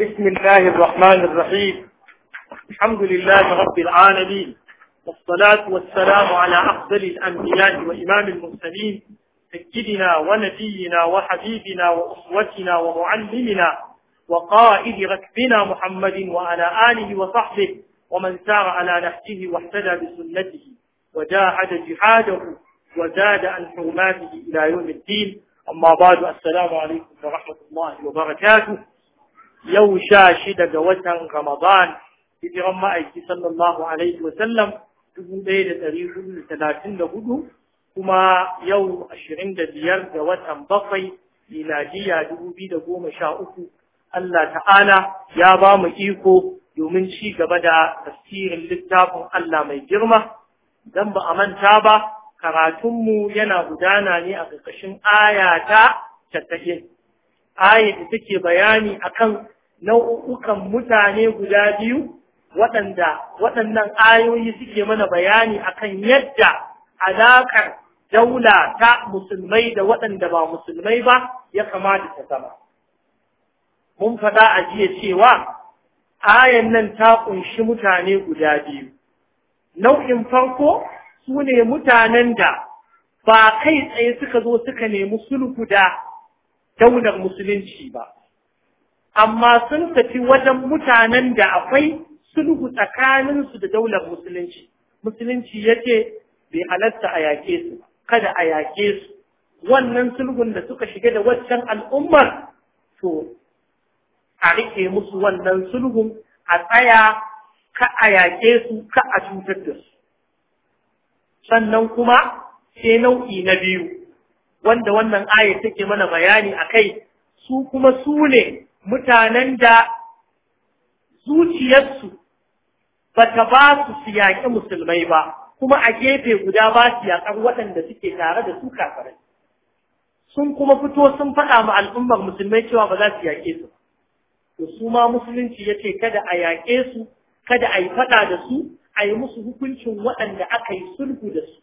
بسم الله الرحمن الرحيم الحمد لله رب العالمين والصلاة والسلام على أفضل الأنبياء وإمام المرسلين سيدنا ونبينا وحبيبنا وأخوتنا ومعلمنا وقائد ركبنا محمد وعلى آله وصحبه ومن سار على نهجه واهتدى بسنته وجاهد جهاده وزاد عن حرماته إلى يوم الدين أما بعد السلام عليكم ورحمة الله وبركاته يو شاشد قوتا رمضان في رمائك صلى الله عليه وسلم تقول ليلة تاريخ ثلاثين لهدو كما يو أشرين ديار قوتا بقي ميلادية دبوبي دقوم شاؤكو الله تعالى يا بام إيكو domin ci gaba da tafsirin littafin Allah mai girma, don ba a manta ba karatunmu yana gudana ne a ƙarƙashin ayata ta casa'in aya da take bayani akan nau'ukan mutane guda biyu waɗanda waɗannan ayoyi suke mana bayani akan yadda alaƙar daula ta musulmai da waɗanda ba musulmai ba ya kamata ta zama mun faɗa a jiya cewa ayan nan ta ƙunshi mutane guda biyu nau'in farko su ne mutanen da ba kai tsaye suka zo suka nemi sulhu da daular musulunci ba amma sun tafi wajen mutanen da akwai sulhu tsakaninsu da daular musulunci musulunci ya ce bai halatta a yaƙe su kada a yaƙe su wannan sulhun da suka shiga da waccan al'ummar to a riƙe musu wannan sulhun a tsaya ka a yaƙe su ka a cutar da su sannan kuma sai nau'i na biyu wanda wannan aya take mana bayani a kai su kuma su ne mutanen da zuciyarsu ba ta ba su su musulmai ba kuma a gefe guda ba su yaƙar waɗanda suke tare da su kafirai sun kuma fito sun faɗa ma al'ummar musulmai cewa ba za su yaƙe su to su ma musulunci ya kada a yaƙe su kada a yi faɗa da su a yi musu hukuncin waɗanda aka yi sulhu da su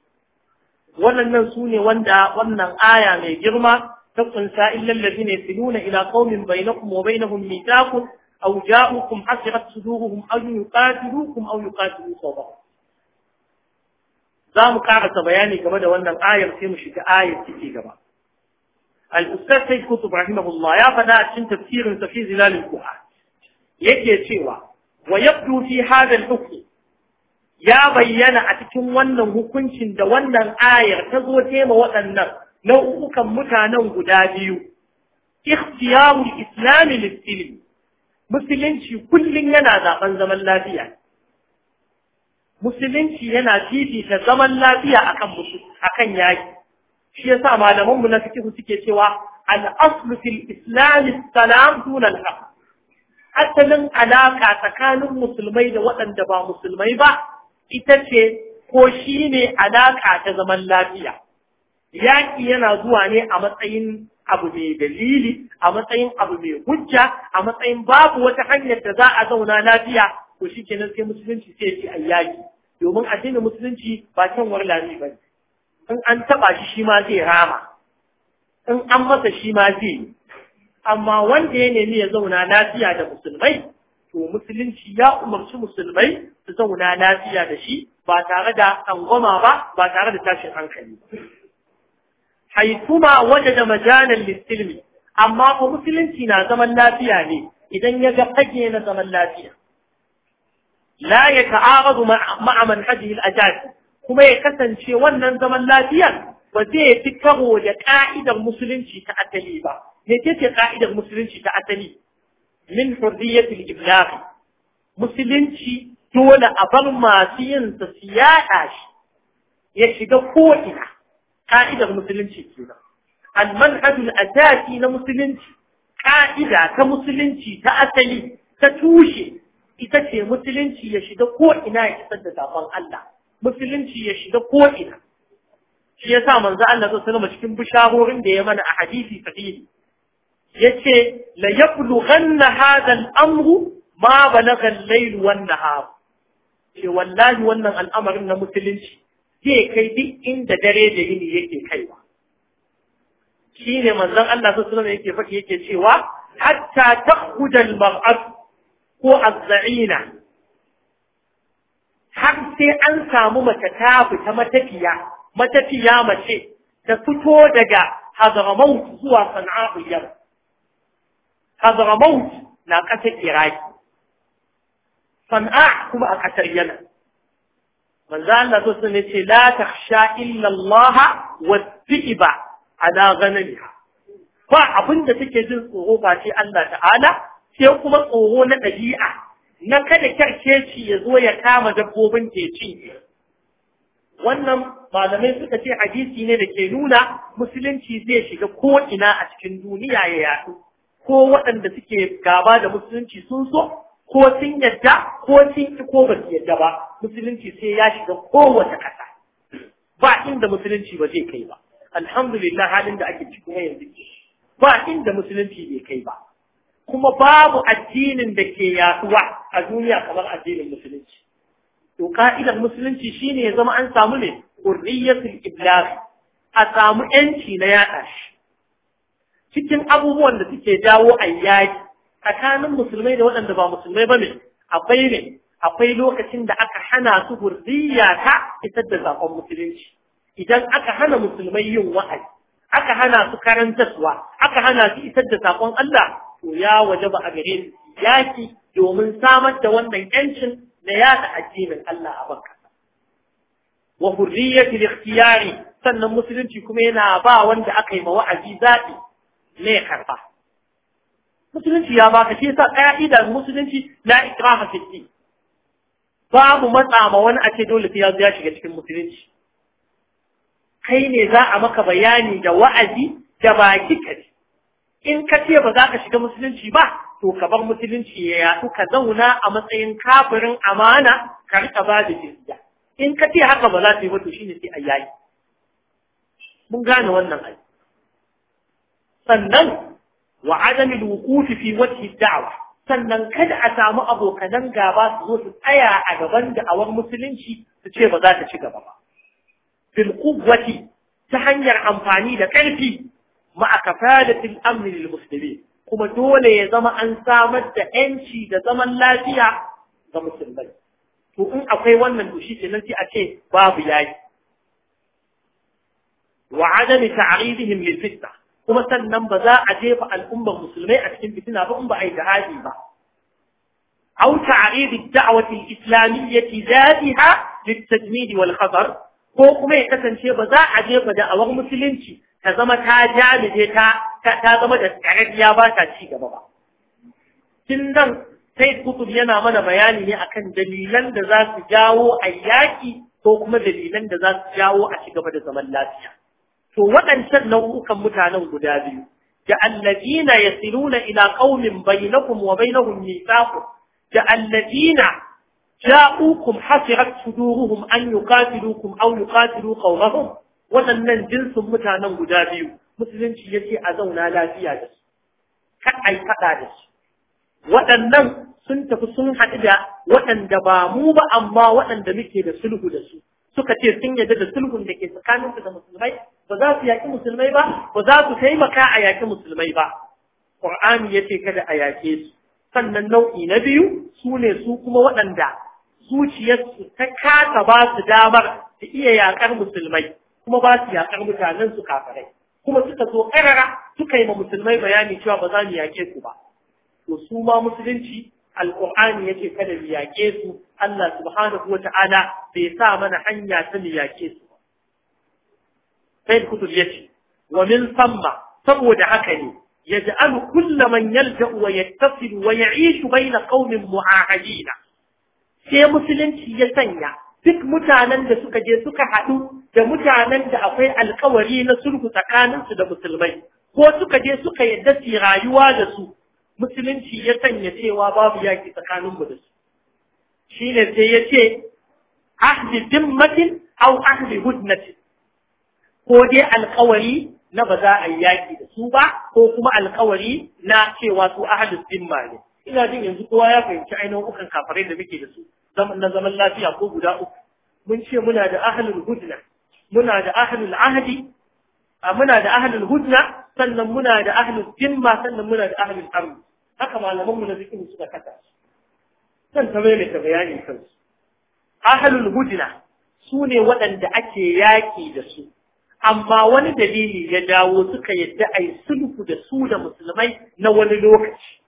waɗannan su ne wanda wannan aya mai girma ta kunsa illal ladina yasiluna ila qaumin bainakum wa bainahum mithaqun aw ja'ukum hasirat suduruhum aw yuqatilukum aw yuqatilu sawba za mu karasa bayani game da wannan ayar sai mu shiga ayar ciki gaba al-ustaz sayyid kutub rahimahullah ya faɗa a cikin tafsirin sa fi zilalil qur'an yake cewa wa yabdu fi hadha al-hukm ya bayyana a cikin wannan hukuncin da wannan ayar ta zo tema waɗannan nau'ukan mutanen guda biyu ikhtiyarul islami lissilmi musulunci kullum yana zaben zaman lafiya musulunci yana fifita zaman lafiya akan akan yaki shi yasa malaman mu na fiqh suke cewa al-aslu fil islam salam dun al-haq asalin alaka tsakanin musulmai da waɗanda ba musulmai ba ita ce ko shi ne alaƙa ta zaman lafiya. Yaƙi yana zuwa ne a matsayin abu mai dalili, a matsayin abu mai hujja, a matsayin babu wata hanyar da za a zauna lafiya, ko shi ke sai musulunci sai ce a yaƙi. Domin addinin musulunci ba war warlami ba In an taɓa shi shi ma zai rama, in an masa shi ma zai yi. Amma wanda ya nemi ya zauna lafiya da musulmai, to musulunci ya umarci musulmai su zauna lafiya da shi ba tare da tsangwama ba ba tare da tashin hankali haifuma waje da majanar musulmi amma ko musulunci na zaman lafiya ne idan ya ga fage na zaman lafiya la ya ta'aradu ma'a manhajihi al-ajaz kuma ya kasance wannan zaman lafiyar ba zai fi karo da ka'idar musulunci ta asali ba me ce ka'idar musulunci ta asali min hurriyatul iblaghi musulunci dole a bar masu yin sa su yaɗa shi ya shiga ko'ina ka'idar musulunci kenan almanhajul asasi na musulunci ka'ida ta musulunci ta asali ta tushe ita ce musulunci ya shiga ko'ina ya kisar da zafon Allah musulunci ya shiga ko'ina shi ya sa manzo Allah sallallahu alaihi cikin bisharorin da ya mana a hadisi sahihi yace la yablu ganna hadal amru ma balaga al wan nahar ke wallahi wannan al'amarin na musulunci zai kai duk inda dare da yini yake kaiwa shine manzon Allah sallallahu alaihi yake faɗi yake cewa hatta takhruja al-mar'at ko az-za'ina har sai an samu mace ta fita matafiya mace ta fito daga Hadramaut zuwa Sana'a'u Hadramaut na ƙasar Iraki, san'a kuma a ƙasar yana. Manzo Allah so sun ce la sha illa Allah wa na ala ghanamiha. Ba abin da take jin tsoro ba ce Allah ta'ala sai kuma tsoro na ɗabi'a na kada kyarkeci ya zo ya kama dabbobin teci. Wannan malamai suka ce hadisi ne da ke nuna musulunci zai shiga ko ina a cikin duniya ya yaɗu. ko waɗanda suke gaba da musulunci sun so ko sun yadda ko sun ki ko ba su yadda ba musulunci sai ya shiga kowace ƙasa ba inda musulunci ba zai kai ba alhamdulillah halin da ake ciki yanzu ba inda musulunci bai kai ba kuma babu addinin da ke yaduwa a duniya kamar addinin musulunci to ka'idar musulunci shine ya zama an samu ne hurriyatul iblaq a samu yanci na yaɗa shi cikin abubuwan da suke jawo ayyaki tsakanin musulmai da waɗanda ba musulmai ba ne akwai ne akwai lokacin da aka hana su hurriya ta isar da zaɓen musulunci idan aka hana musulmai yin wa'azi aka hana su karantarwa aka hana su isar da saƙon Allah to ya waje ba a gare su yaki domin samar da wannan yancin na yaɗa addinin Allah a banka wa hurriyatul ikhtiyari sannan musulunci kuma yana ba wanda aka yi ma wa'azi zaɓi ne karba musulunci ya baka shi yasa ka'idar musulunci na ikraha fitti babu matsa ma wani a ce dole sai ya shiga cikin musulunci kai ne za a maka bayani da wa'azi da baki kaji in ka ce ba za ka shiga musulunci ba to ka bar musulunci ya yaɗu ka zauna a matsayin kafirin amana ka rika ba da jizya in ka ce haka ba za su yi ba to shi ne sai a yayi mun gane wannan ai sannan wa adamil wuqufi fi wajhi da'wa sannan kada a samu abokanan gaba su zo su tsaya a gaban da'awar musulunci su ce ba za ta ci gaba ba bil ta hanyar amfani da ƙarfi ma'a kafalatil amri kuma dole ya zama an samar da ‘yanci da zaman lafiya ga musulmai. To, in akwai wannan dushi ce nan sai a ce babu yayi. Wa adami ta'aridihim lil fitna kuma sannan ba za a jefa al'ummar musulmai a cikin fitina ba in ba a yi jihadi ba أو تعريض islamiyyati الإسلامية ذاتها wal والخطر ko kuma ya kasance ba za a jefa da'awar musulunci ta zama ta jami'e ta ta zama da tsarariya ba ta ci gaba ba. Tun nan sai kutub yana mana bayani ne akan dalilan da za su jawo a yaki ko kuma dalilan da za su jawo a ci gaba da zaman lafiya. to waɗancan nau'ukan mutanen guda biyu da allazina yasiluna ila qaumin bainakum wa bainahum mithaqu da allazina ja'ukum hasirat suduruhum an yuqatilukum aw yuqatilu qawmahum waɗannan jinsin mutanen guda biyu musulunci ce a zauna lafiya da su kar ai fada da su waɗannan sun tafi sun haɗu da waɗanda ba mu ba amma waɗanda muke da sulhu da su suka ce sun yarda da sulhun da ke tsakaninsu da musulmai ba za su yaƙi musulmai ba ba za su taimaka a yaƙi musulmai ba ƙur'ani ya ce kada a yaƙe su sannan nau'i na biyu su ne su kuma waɗanda zuciyarsu ta kasa ba su damar su iya yaƙar musulmai kuma ba su yaƙar mutanen su kafirai kuma suka zo ƙarara suka yi ma musulmai bayani cewa ba za mu yaƙe ku ba to su ma musulunci alƙur'ani yake kada mu yaƙe su Allah subhanahu wa ta'ala bai sa mana hanya ta mu yaƙe su sai kutub yace wa min samma saboda haka ne yaj'alu kullu man yalja'u wa yattasilu wa ya'ishu bayna qaumin mu'ahadin sai musulunci ya sanya duk mutanen da suka je suka haɗu da mutanen da akwai alkawari na sulhu tsakaninsu da musulmai ko suka je suka yadda su rayuwa da su musulunci ya sanya cewa babu yaki tsakaninmu da su shi ne sai ya ce ahdi dimmatin au ahdi hudnatin ko dai alkawari na ba za a yi yaƙi da su ba ko kuma alkawari na cewa su ahalus zimma ne ina jin yanzu kowa ya fahimci ainihin ukan kafarai da muke da su na zaman lafiya ko guda uku mun ce muna da ahalin hudna muna da ahalin ahadi, muna da ahalin hudna sannan muna da ahlul zimma sannan muna da ahalin amr haka malaman mu na zikin suka kasa zan ta mai ta bayani kansu Ahalin hudna su ne waɗanda ake yaƙi da su amma wani dalili ya dawo suka yadda a yi sulhu da su da musulmai na wani lokaci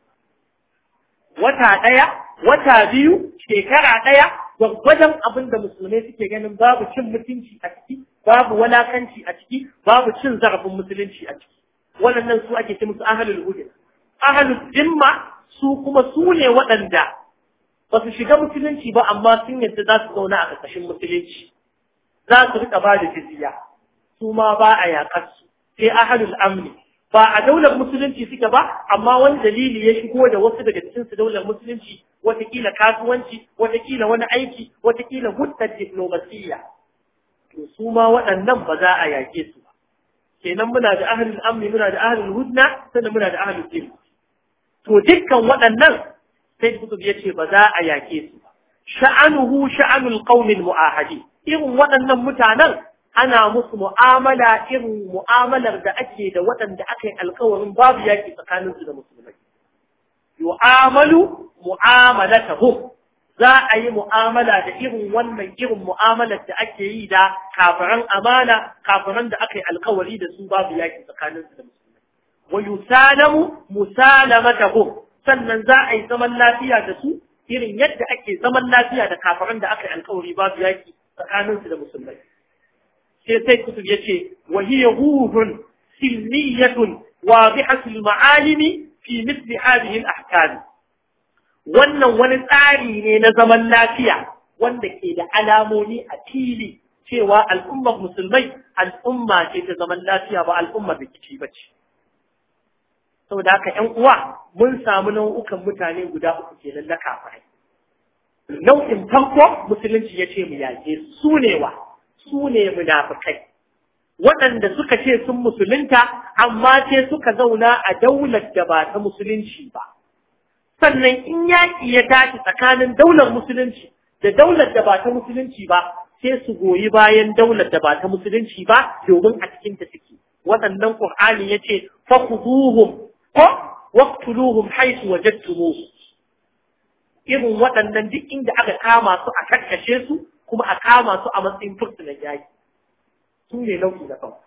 wata ɗaya wata biyu shekara ɗaya gwaggwajan abin da musulmai suke ganin babu cin mutunci a ciki babu walakanci a ciki babu cin zarafin musulunci a ciki waɗannan su ake ce musu ahalul hujja ahalul dimma su kuma su ne waɗanda ba su shiga musulunci ba amma sun yadda za su zauna a ƙarƙashin musulunci za su riƙa ba da jizya su ma ba a yaƙar su sai ahalul amni ba a daular musulunci suke ba amma wani dalili ya shigo da wasu daga cikin su daular musulunci watakila kasuwanci watakila wani aiki watakila huttar diplomasiya to su ma waɗannan ba za a yaƙe su ba kenan muna da ahalul amni muna da ahalul hudna sannan muna da ahalul din to dukkan waɗannan sai kutub ya ce ba za a yaƙe su ba sha'anuhu sha'anul qaumil mu'ahadi irin waɗannan mutanen ana musu mu'amala irin mu'amalar da ake da waɗanda aka yi alkawarin babu yaƙi tsakaninsu da musulmai. Yu'amalu mu'amalatahum za a yi mu'amala da irin wannan irin mu'amalar da ake yi da kafiran amana kafiran da aka yi alkawari da su babu yaƙi tsakaninsu da musulmai. Wa yusalamu musalamatahum sannan za a yi zaman lafiya da su irin yadda ake zaman lafiya da kafiran da aka yi alkawari babu yaƙi tsakaninsu da musulmai. sai sai kutub yace wa hiya ruhun silmiyatun wadihatul ma'alimi fi mithli hadhihi al-ahkam wannan wani tsari ne na zaman lafiya wanda ke da alamomi a fili cewa al'ummar musulmai al'umma ce ta zaman lafiya ba al'ummar rikici ba ce. Saboda haka ‘yan uwa mun samu nau'ukan mutane guda uku ke lallaka kafirai. Nau'in farko musulunci ya ce mu yaje su wa su ne munafikai waɗanda suka ce sun musulunta amma sai suka zauna a daular da ba ta musulunci ba sannan in yaƙi ya tashi tsakanin daular musulunci da daular da ba ta musulunci ba sai su goyi bayan daular da ba ta musulunci ba domin a cikin ta suke waɗannan qur'ani yace fakhuduhum ko waqtuluhum haythu wajadtumuhum irin waɗannan duk inda aka kama su a kakkashe su kuma a kama su a matsayin fursunan yaki su ne nau'i na farko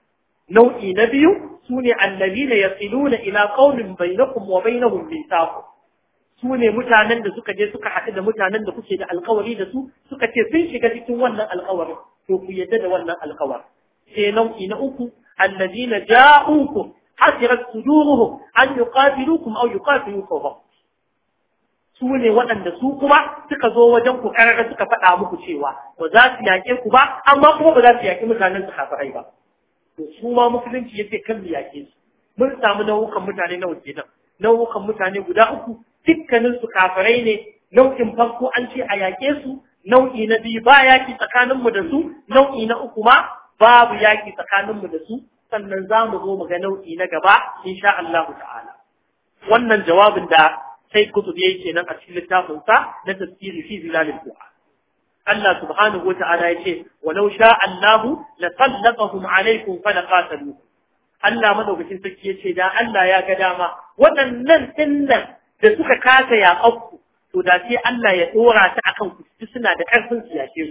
nau'i na biyu su ne allazina yasiluna ila qaumin bainakum na bainahum mithaq su ne mutanen da suka je suka haɗu da mutanen da kuke da alkawari da su suka ce sun shiga cikin wannan alkawarin to ku yadda da wannan alkawarin sai nau'i na uku allazina ja'ukum hasirat suduruhu an yuqatilukum aw yuqatilu su ne waɗanda su kuma suka zo wajen ku ƙararra suka faɗa muku cewa ba za su yaƙe ku ba amma kuma ba za su yaƙi mutanen su kafirai ba to su ma musulunci yace kan mu yaƙe su mun samu nau'ukan mutane nawa kenan nau'ukan mutane guda uku dukkanin su kafirai ne nau'in farko an ce a yaƙe su nau'i na biyu ba yaƙi tsakanin mu da su nau'i na uku ma babu yaƙi tsakanin mu da su sannan za mu zo mu ga nau'i na gaba insha Allah ta'ala wannan jawabin da sai ya yake nan a cikin littafin sa na tafsiri fi zilalil qur'an Allah subhanahu wata'ala yace walau sha Allahu la sallaqahum alaykum fa laqatalu Allah madaukakin sarki yace da Allah ya ga dama waɗannan dinnan da suka kasa yaƙakku to da sai Allah ya dora ta akan ku suna da ƙarfin su yake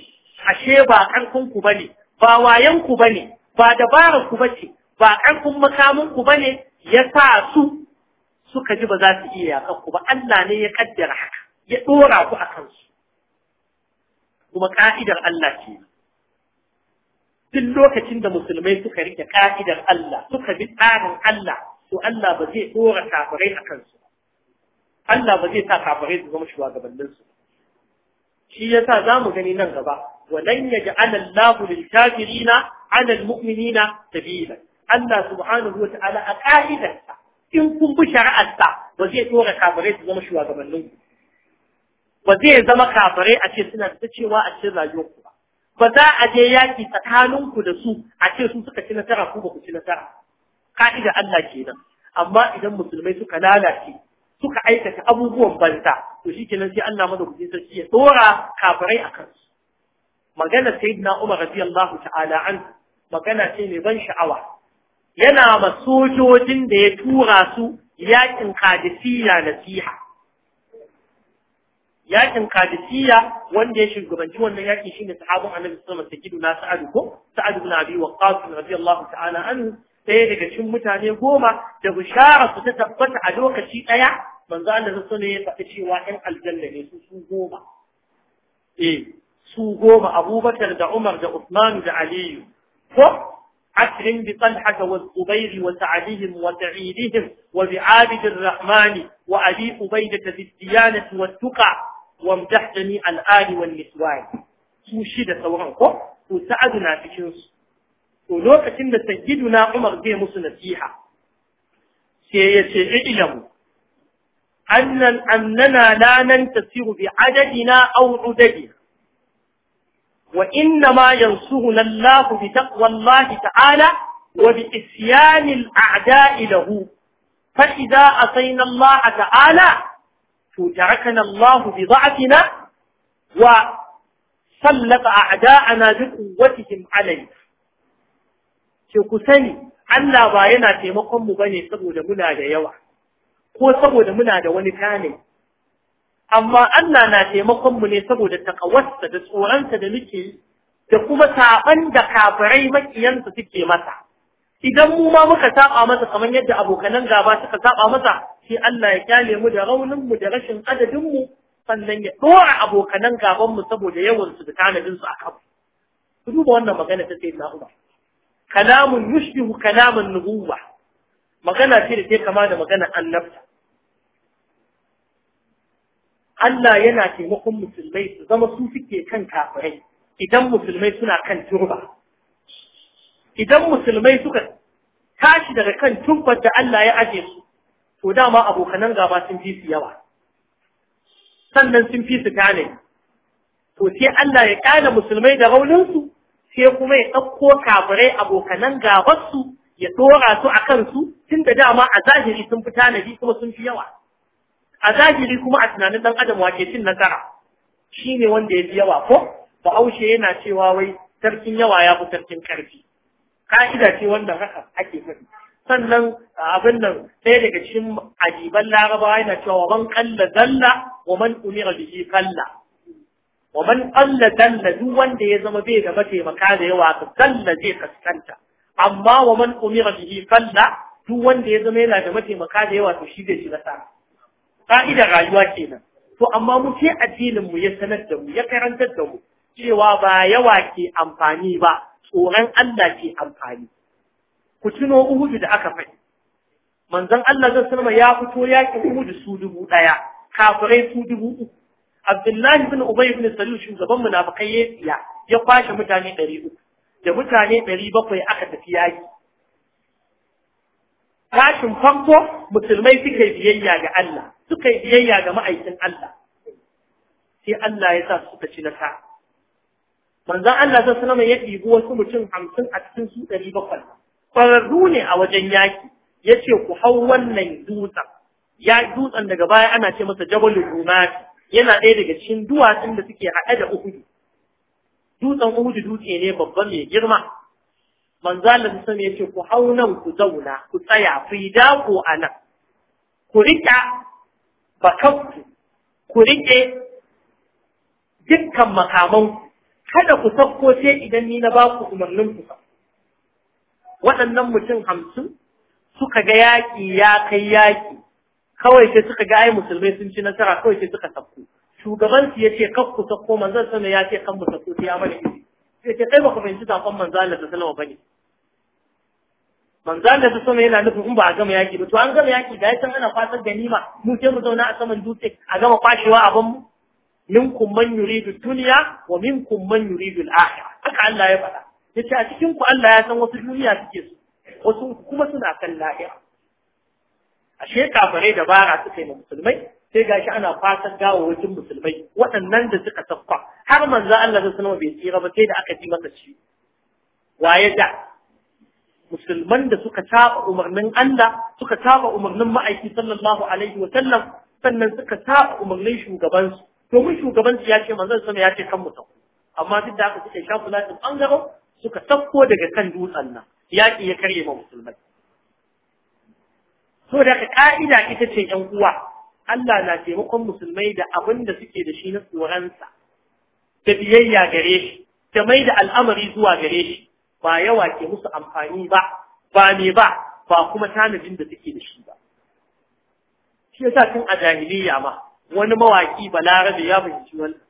ashe ba ƙarfin ku bane ba wayan ku bane ba dabarar ku bace ba karfin makamin ku bane ya sa su suka ji ba za su iya yaƙar ku ba Allah ne ya kaddara haka ya ɗora ku a kansu kuma ƙa'idar Allah ce duk lokacin da musulmai suka rike ƙa'idar Allah suka bi tsarin Allah to Allah ba zai ɗora kafirai a kansu Allah ba zai sa kafirai su zama shugabanninsu shi yasa za mu gani nan gaba walan anan Allahu lil kafirina 'ala al mu'minina sabila Allah subhanahu wa ta'ala a ka'idarsa in kun bi shari'arsa ba zai dora kafirai su zama shugabannin ku ba zai zama kafirai a ce suna da cewa a cikin rayuwar ku ba ba za a je yaki tsakanin ku da su a ce su suka ci nasara ko ba ku ci nasara ka'ida Allah kenan amma idan musulmai suka lalace suka aikata abubuwan banta to kenan sai Allah madaukakin sarki ya tsora kafirai a kansu magana sayyidina Umar radiyallahu ta'ala an magana ce mai ban sha'awa yana ma sojojin da ya tura su yakin kadisiya nasiha yakin kadisiya wanda ya shugabanci wannan yakin shine sahabin annabi sallallahu alaihi wasallam na sa'ad ko sa'ad ibn abi waqqas radiyallahu ta'ala anhu sai daga cikin mutane goma da bishara su ta tabbata a lokaci daya manzo Allah sallallahu alaihi wasallam ya tafi cewa 'yan aljanna ne su su goma eh su goma Abubakar da Umar da Uthman da Aliyu ko عسر بطلحة والزبير وسعدهم وسعيدهم وبعابد الرحمن وأبي أبيدة بالديانة والتقع وامدحتني الآل والنسوان سوشيدة سورانكو وسعدنا في كنس ولوكة سيدنا عمر بن مصر نسيحة سيئة إعلموا أن أننا لا ننتصر بعددنا أو عددنا وإنما ينصرنا الله بتقوى الله تعالى وبإسيان الأعداء له فإذا أتينا الله تعالى تركنا الله بضعفنا وسلط أعداءنا بقوتهم عليه شكسني Allah ba yana taimakon mu bane saboda muna da yawa ko saboda muna da wani amma Allah na taimakon mu ne saboda takawarsa da tsoronsa da muke da kuma saban da kafirai makiyansa suke masa idan mu ma muka saba masa kamar yadda abokanan gaba suka saba masa shi Allah ya kyale mu da raunin mu da rashin adadin mu sannan ya ɗora abokanan gaban mu saboda yawan su da tanadin su akan ku duba wannan magana ta sayyidina Umar kalamun yushbihu kalamun nubuwa magana ce da ke kama da maganar annabta Allah yana taimakon musulmai su zama su suke kan kafirai idan musulmai suna kan turba idan musulmai suka tashi daga kan turbar da Allah ya aje su to dama abokanan gaba sun fi su yawa sannan sun fi su tanadi. to sai Allah ya kyale musulmai da raunin su sai kuma ya ɗauko kafirai abokanan gabarsu su ya ɗora su kansu, tun tunda dama a zahiri sun fi tanadi kuma sun fi yawa a zahiri kuma a tunanin dan adam wake cin nasara shine wanda ya fi yawa ko bahaushe yana cewa wai sarkin yawa ya fi sarkin karfi ka'ida ce wanda haka ake faɗi sannan abin nan ɗaya daga cikin ajiban Laraba, yana cewa wa man kalla zalla wa man umira bihi kalla wa man kalla zalla duk wanda ya zama bai da mataimaka da yawa ka zalla zai kaskanta amma wa man umira bihi kalla duk wanda ya zama yana da mataimaka da yawa to shi zai shiga nasara ka'idar rayuwa kenan to amma mu sai addinin mu ya sanar da mu ya karantar da mu cewa ba yawa ke amfani ba tsoron Allah ke amfani ku tuno Uhudu da aka faɗi manzon Allah zai sanar ya fito yakin Uhudu su dubu ɗaya kafirai su dubu uku Abdullahi bin Ubay bin Salul shugaban munafikai ya ya kwashe mutane ɗari da mutane ɗari bakwai aka tafi yaki kashin farko musulmai suka yi biyayya ga Allah suka yi biyayya ga ma'aikin Allah sai Allah ya sa suka ci nasa. manzon Allah sai sallama ya ɗibi wasu mutum hamsin a cikin su ɗari bakwai ƙwararru ne a wajen yaki yace ku hau wannan dutsen ya dutsen daga baya ana ce masa jabalin rumati yana ɗaya daga cikin duwatsun da suke haɗe da uhudu dutsen uhudu dutse ne babba mai girma manzo Allah sun yace ku hau nan ku zauna ku tsaya ku yi dako a nan ku rika bakanku ku rike dukkan makaman kada ku sauko sai idan ni na ba ku umarnin ku waɗannan mutum hamsin suka ga yaƙi ya kai yaƙi kawai sai suka ga ai musulmai sun ci nasara kawai sai suka sauko shugaban su yace kan ku sauko manzon ya ce kan mu sauko sai ya mana sai ke kai ba ku fahimci sakon manzo Allah sallallahu alaihi wasallam bane manzo Allah sallallahu yana nufin in ba a gama yaki ba to an gama yaki ga yasan ana fatar ganima mu ke mu zauna a saman dutse a gama kwashewa a banmu minkum man yuridu dunya wa minkum man yuridu al-akhirah haka Allah ya faɗa yace a cikin ku Allah ya san wasu duniya suke su wasu kuma suna kan lahira ashe kafarai dabara suka yi musulmai sai gashi ana fatan gawawakin musulmai waɗannan da suka saffa har manzo Allah ta sanarwa bai tsira ba sai da aka ji masa ci waye da musulman da suka saba umarnin Allah suka saba umarnin ma'aiki sallallahu alaihi wa sallam sannan suka saba umarnin shugabansu domin shugabansu ya ce manzon sama ya ce kan mu sauko amma duk da haka suka sha ɗin bangaren suka sauko daga kan dutsen nan yaƙi ya karye ma musulmai so da ka'ida ita ce yan uwa Allah na taimakon musulmai da abin da suke da shi na tsoronsa da biyayya gare shi da mai da al'amari zuwa gare shi ba yawa ke musu amfani ba ba ne ba ba kuma tanadin da suke da shi ba shi sa tun a jahiliya ma wani mawaki da ya fahimci wannan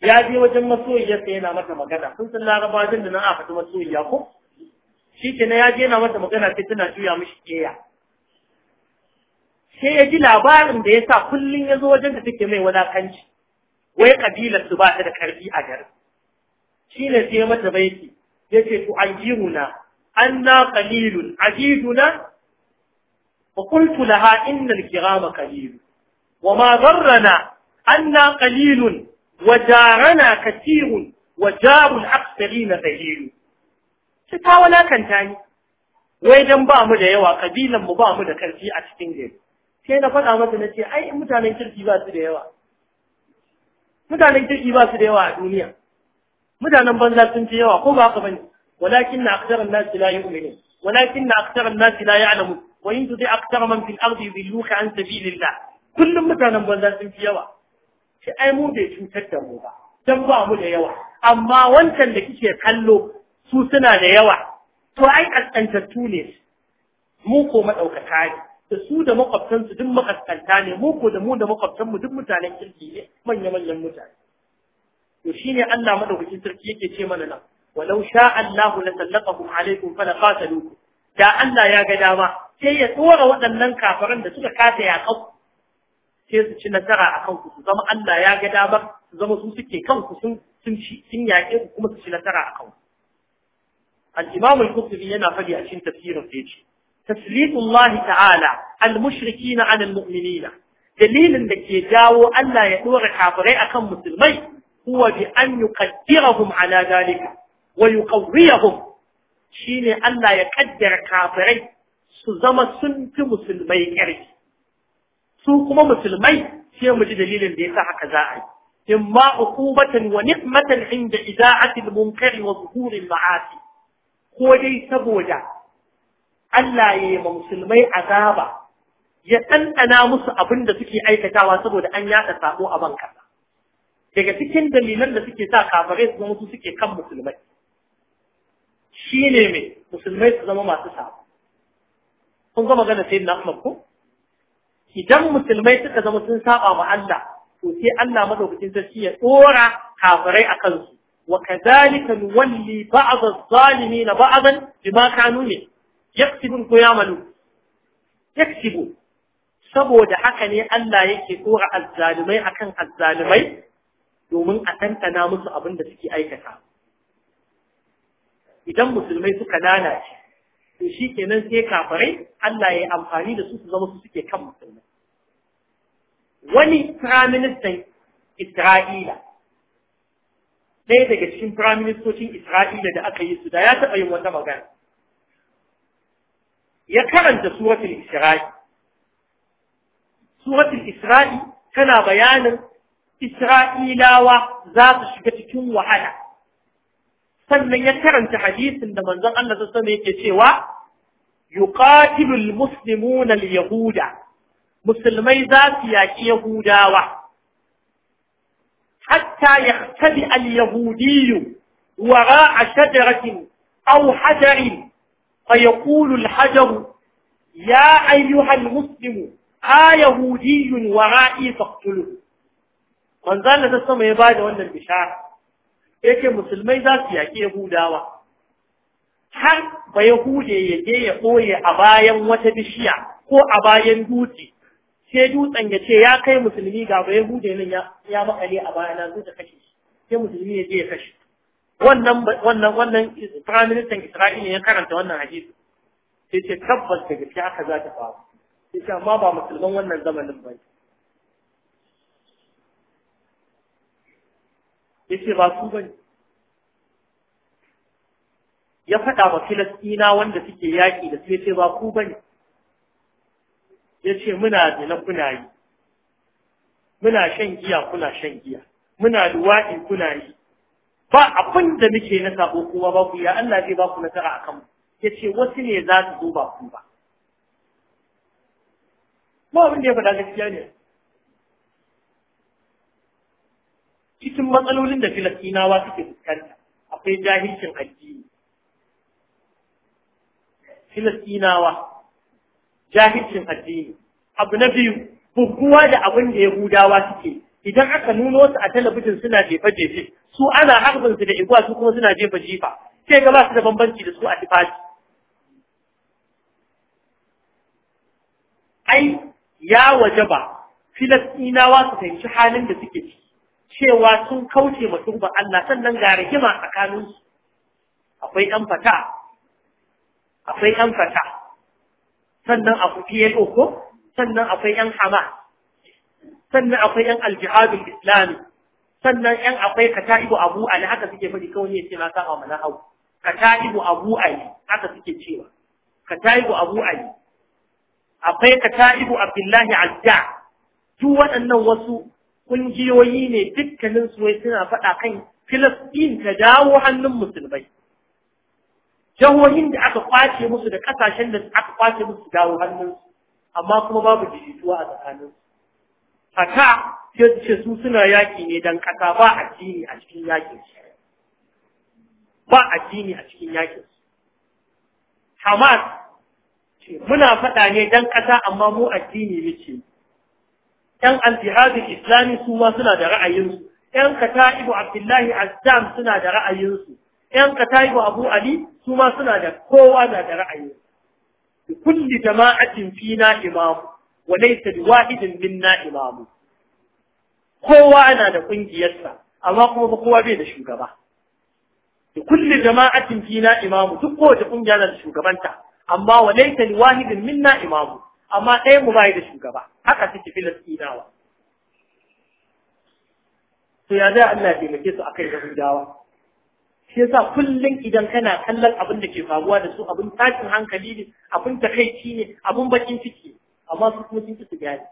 ya je wajen masoyiyarsa yana mata magana sun san larabajin da na aka masoyiya ko shi ya je yana mata magana sai tana juya mishi keya sai ya ji labarin da ya sa kullum ya zo wajen da take mai wadakanci wai kabilar su ba ta da karfi a garin shi ne sai mata baiti ya ce tu ayyuna anna na. ajiduna wa qultu laha inna kirama wa ma an anna kalilun wa jarana kathirun wa jarun na aktharina zahirun ta ta walakanta ni wai dan ba mu da yawa kabilan mu ba mu da ƙarfi a cikin gari sai na faɗa masa na ce ai mutanen kirki ba su da yawa mutanen kirki ba su da yawa a duniya mutanen banza sun fi yawa ko ba haka bane walakin na aktaran nasi la yu'minu walakin na aktaran nasi la ya'lamu wa in tudi aktar man fil ardi yudilluka an sabilillah kullum mutanen banza sun fi yawa Sai ai mu bai cutar da mu ba dan ba mu da yawa amma wancan da kike kallo su suna da yawa to ai kaskantattu ne mu ko madaukaka ne da su da makwabtansu duk makaskanta ne mu ko da mu da makwabtanmu duk mutanen kirki ne manya-manyan mutane to ne Allah madaukakin sarki yake ce mana nan walau sha Allah la sallaqahum alaikum fala qatalukum da Allah ya ga dama sai ya tsora waɗannan kafaran da suka kasa yaƙau sai su ci nasara a kanku su zama Allah ya ga dama su zama su suke kanku sun sun sun yaƙe ku kuma su ci nasara a kanku al-imam al yana faɗi a cikin tafsirin sa تسليط الله تعالى المشركين على المؤمنين Dalilin da ke jawo Allah ya dora kafirai kan musulmai huwa bi an yuqaddirahum ala dalika wa yuqawwiyahum shine Allah ya kaddara kafirai su zama sun fi musulmai ƙarfi su kuma musulmai sai mu ji dalilin da yasa haka za a yi imma uqubatan wa ni'matan inda ida'atil munkari wa zuhuril ma'asi ko dai saboda Allah ya yi ma musulmai azaba ya ɗanɗana musu abin da suke aikatawa saboda an yaɗa sabo a ban kasa daga cikin dalilan da suke sa kafirai su zama su suke kan musulmai ne mai musulmai su zama masu sabo kun ga magana sai na Umar ko idan musulmai suka zama sun saba ma Allah to sai Allah madaukakin sarki ya ɗora kafirai a kansu wa kadhalika nuwalli ba'd adh-dhalimin ba'dan bima kanu ne yaksibun ko yamalu saboda haka ne Allah yake kora azzalumai akan azzalumai domin a tantana musu abin da suke aikata idan musulmai suka lalace to shi kenan sai kafirai Allah ya yi amfani da su su zama su suke kan musulmai wani firaministan Isra'ila ɗaya daga cikin firaministocin Isra'ila da aka yi su da ya taɓa yin wata magana يكرن سورة الإسراء سورة الإسراء كان بيانا إسرائيل وذات شكتكم وعلا فلن يكرنت حديث عندما انزل الله سبحانه وتعالى يقاتل المسلمون اليهود مسلمي ذات يأتي يهودا حتى يختبئ اليهودي وراء شجرة أو حجر فيقول الحجر ya أيها المسلم آ يهودي ورائي فاقتله من ذا ta sama ya bada wannan bishara Ya yake musulmai za su yaƙi yahudawa har ba yahude ya je ya koye a bayan wata bishiya ko a bayan dutse sai dutsen ya ce ya kai musulmi ga ba yahude nan ya makale a bayan na kashe sai musulmi ya je ya kashe wannan wannan wannan prime minister Isra'ila ya karanta wannan hadisi sai ce tabbas da gaskiya haka za ta faru sai ce amma ba musulman wannan zamanin ba ce ba su bane ya faɗa wa Filistina wanda suke yaƙi da su ce ba ku bane yace muna da na kuna yi muna shan giya kuna shan giya muna luwaɗi kuna yi ba abin da muke na sabo kuma ba ku ya Allah zai ba ku nasara akan mu yace wasu ne za su zo ba ku ba ba abin da ya faɗa gaskiya ne cikin matsalolin da filistinawa suke fuskanta akwai jahilcin addini filistinawa jahilcin addini abu na biyu buguwa da abin da yahudawa suke idan aka nuna su a talabijin suna jefa jefe su ana harbin da iguwa su kuma suna jefa jifa sai ga ba su da bambanci da su a tifafi ai ya waje ba, filastinawa su fahimci halin da suke ci cewa sun kauce ma turba Allah sannan ga rigima kanunsu, akwai ɗan fata akwai ɗan fata sannan a ko sannan akwai ɗan hama sannan akwai yan aljihadun islami sannan yan akwai kata'ibu abu ali haka suke fari kawai ne ce ma saba mana hau kata'ibu abu ali haka suke cewa kata'ibu abu ali akwai kata'ibu abdullahi azza su waɗannan wasu ƙungiyoyi ne dukkanin su suna faɗa kan filistin ta dawo hannun musulmai jahohin da aka kwace musu da ƙasashen da aka kwace musu dawo hannunsu amma kuma babu jijituwa a tsakaninsu fata sai ce su suna yaƙi ne don ƙasa ba addini a cikin yaƙin ba addini a cikin yaƙin Hamas ce muna faɗa ne don ƙasa amma mu addini ce. ‘yan islami su ma suna da ra'ayinsu ‘yan ibu abdullahi Azam suna da ra'ayinsu ‘yan ibu abu ali su ma suna da kowa na da ra'ayinsu kulli jama'atin fina imamu wa laysa biwahidin minna imamu kowa ana da sa amma kuma ba kowa bai da shugaba da kulli jama'atin fina imamu duk kowace ƙungiyar na da shugabanta amma wa laysa liwahidin minna imamu amma ɗaya mu bai da shugaba haka suke filistinawa to ya zai Allah ya taimake su akai yahudawa shi yasa kullum idan kana kallon abin da ke faruwa da su abin tashin hankali ne abin takaici ne abin bakin ciki amma su kuma sun su gane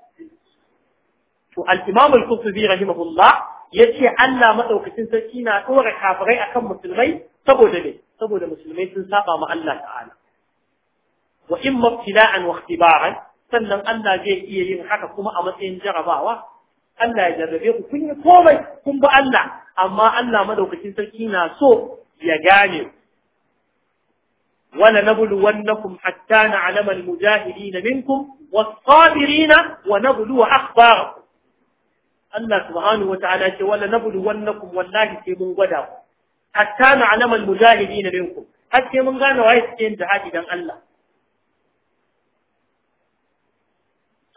to al-imam al-qurtubi rahimahullah yace Allah maɗaukacin sarki na ɗora kafirai akan musulmai saboda ne saboda musulmai sun saba ma Allah ta'ala wa imma ibtila'an wa ikhtibaran sannan Allah zai iya yin haka kuma a matsayin jarabawa Allah ya jarrabe ku kun yi komai kun bi Allah amma Allah maɗaukacin sarki na so ya gane wala nabluwannakum hatta na'lamal mujahidin minkum والصابرين ونبلو أخباركم الله سبحانه وتعالى ولا gwada والله في من غدا حتى نعلم المجاهدين منكم حتى من غانا وهي سكين جهادي don الله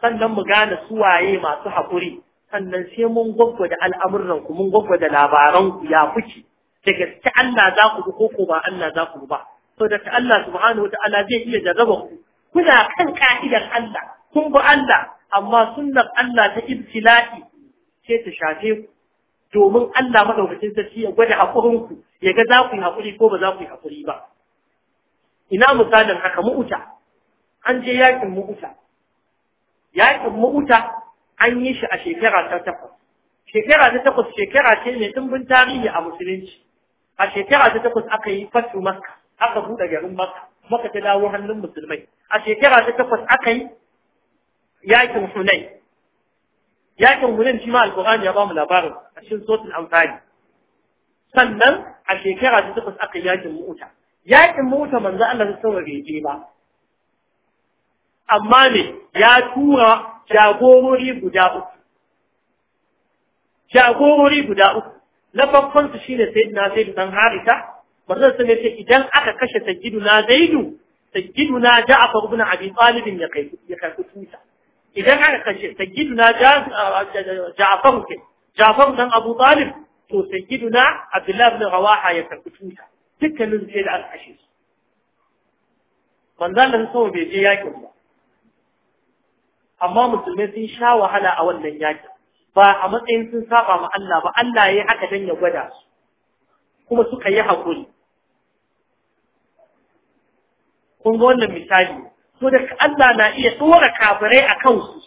sannan mu gane suwaye masu haƙuri sannan sai mun al'amuran al'amuranku mun gwaggwada labaranku ya kuke da gaske Allah za ku bi ko ko ba Allah za ku ba so da Allah subhanahu wa ta'ala zai iya jarraba ku kuna kan ka'idar Allah kun bi Allah amma sunnar Allah ta ibtila'i ce ta shafe ku domin Allah madaukakin sarki ya gwada haƙurinku, ya ga za ku yi haƙuri ko ba za ku yi haƙuri ba ina misalin haka mu'uta an je yakin mu'uta yakin mu'uta an yi shi a shekara ta takwas shekara ta takwas shekara ce mai dimbin tarihi a musulunci a shekara ta takwas aka yi fatu makka aka buɗe garin makka maka ta dawo hannun musulmai a shekara ta takwas aka yi yakin hunai yakin hunain shi ma alkur'ani ya ba mu labarin a cikin sotin amfani sannan a shekara ta takwas aka yi yakin mu'uta yakin mu'uta manzo Allah ya sauwa bai ba amma ne ya tura jagorori guda uku jagorori guda uku na farkon su shine sayyidina zaidu dan harita manzo sai ce idan aka kashe sayyidina zaidu تجدنا جعفر بن أبي طالب يكاكو توتا إذا كان كشي سيدنا جعفر جعفر بن أبو طالب تو تجدنا عبد الله بن رواحة يكاكو توتا تلك الزيد على العشير من ذا لن سوى بيجي ياكل amma مسلمين sun sha wahala a wannan yaki ba a matsayin sun saba ma Allah ba Allah ya haka dan ya kuma suka yi hakuri kun ga wannan misali ko da Allah na iya tsora kafirai a kansu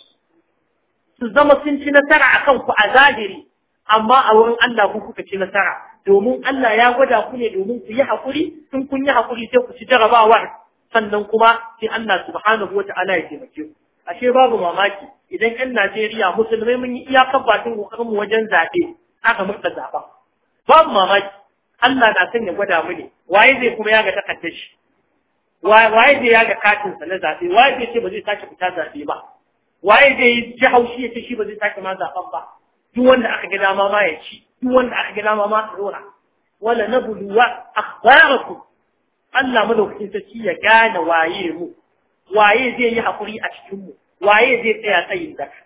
su zama sun ci nasara a kanku a zahiri amma a wurin Allah ku kuka ci nasara domin Allah ya gwada ku ne domin ku yi haƙuri tun kun yi haƙuri sai ku ci jarabawar sannan kuma sai Allah subhanahu wata'ala ya taimake ku ashe babu mamaki idan ƴan Najeriya musulmai mun yi iyakar bakin kokarin mu wajen zaɓe aka murɗa zaɓa babu mamaki Allah na son ya gwada mu ne waye zai kuma ya ga takardar shi waye zai yaga katinsa na zaɓe waye zai ce ba zai sake fita zaɓe ba waye zai yi ji haushi ya ce shi ba zai sake ma zaɓen ba duk wanda aka ga dama ma ya ci duk wanda aka ga dama ma ka dora wala na buluwa akhbaraku Allah madaukakin sarki ya gane waye mu waye zai yi hakuri a cikin mu waye zai tsaya tsayin daka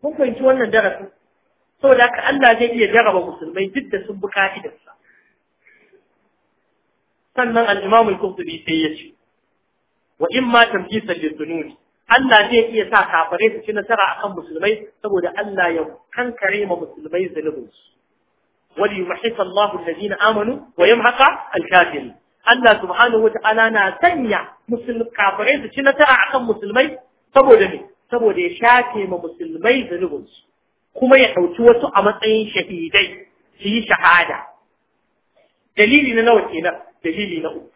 kun fahimci wannan darasin saboda haka Allah zai iya jaraba musulmai duk da sun bi ka'idarsa sannan al-imam al-qurtubi sai ya ce wa imma tamkisan lisununi Allah zai iya sa kafare su ci nasara akan musulmai saboda Allah ya kankare ma musulmai zunubinsu wali Allah Allahu alladhina amanu wa yamhaqa al-kafirin Allah subhanahu wata'ala na sanya musulmi kafirai su ci nasara akan musulmai saboda ne? saboda ya shafe ma musulmai zunubinsu kuma ya ɗauki wasu a matsayin shahidai su yi shahada dalili na nawa kenan dalili na uku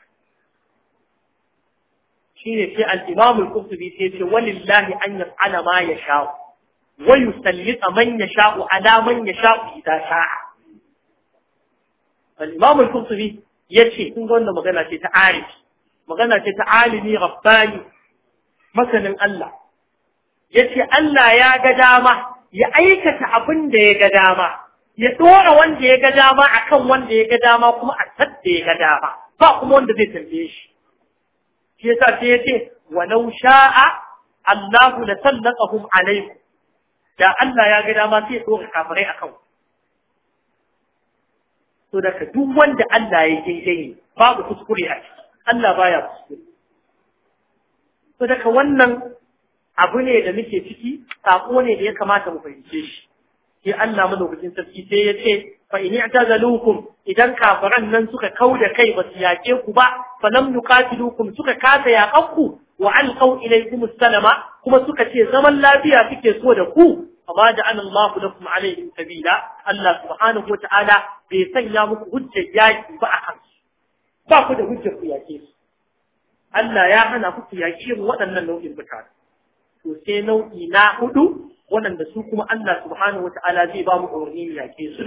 shine sai al-imam al sai ce walillahi an yaf'ala ma yasha wa yusallita manya sha'u, ala man sha'u idza sha'a al-imam al ya ce, in ga wannan magana ce ta arif magana ce ta alimi rabbani masanin Allah Ya ce Allah ya ga dama ya aikata abin da ya ga dama ya dora wanda ya ga dama akan wanda ya ga dama kuma a sadda ya ga dama ba kuma wanda zai tambaye shi shi yasa sai ya ce walau sha'a Allahu la sallaqahum alaikum da Allah ya ga dama sai ya dora kafirai akan to da duk wanda Allah ya daidai babu kuskure a ciki Allah baya kuskure to daga wannan abu ne da muke ciki sako ne da ya kamata mu fahimce shi sai Allah madaukakin sarki sai ya ce fa in i'tazalukum idan kafiran nan suka kauda kai ba su yake ku ba fa lam nuqatilukum suka kasa yaqaku wa alqaw ilaykum as-salama kuma suka ce zaman lafiya suke so da ku amma da an Allah lakum alaihim sabila Allah subhanahu wata'ala bai sanya muku hujjar yaki ba a kansu ba ku da hujjar ku yake Allah ya hana ku yaki waɗannan nau'in mutane to sai nau'i na hudu waɗanda su kuma Allah subhanahu wata'ala zai ba mu umarni mu yaƙe su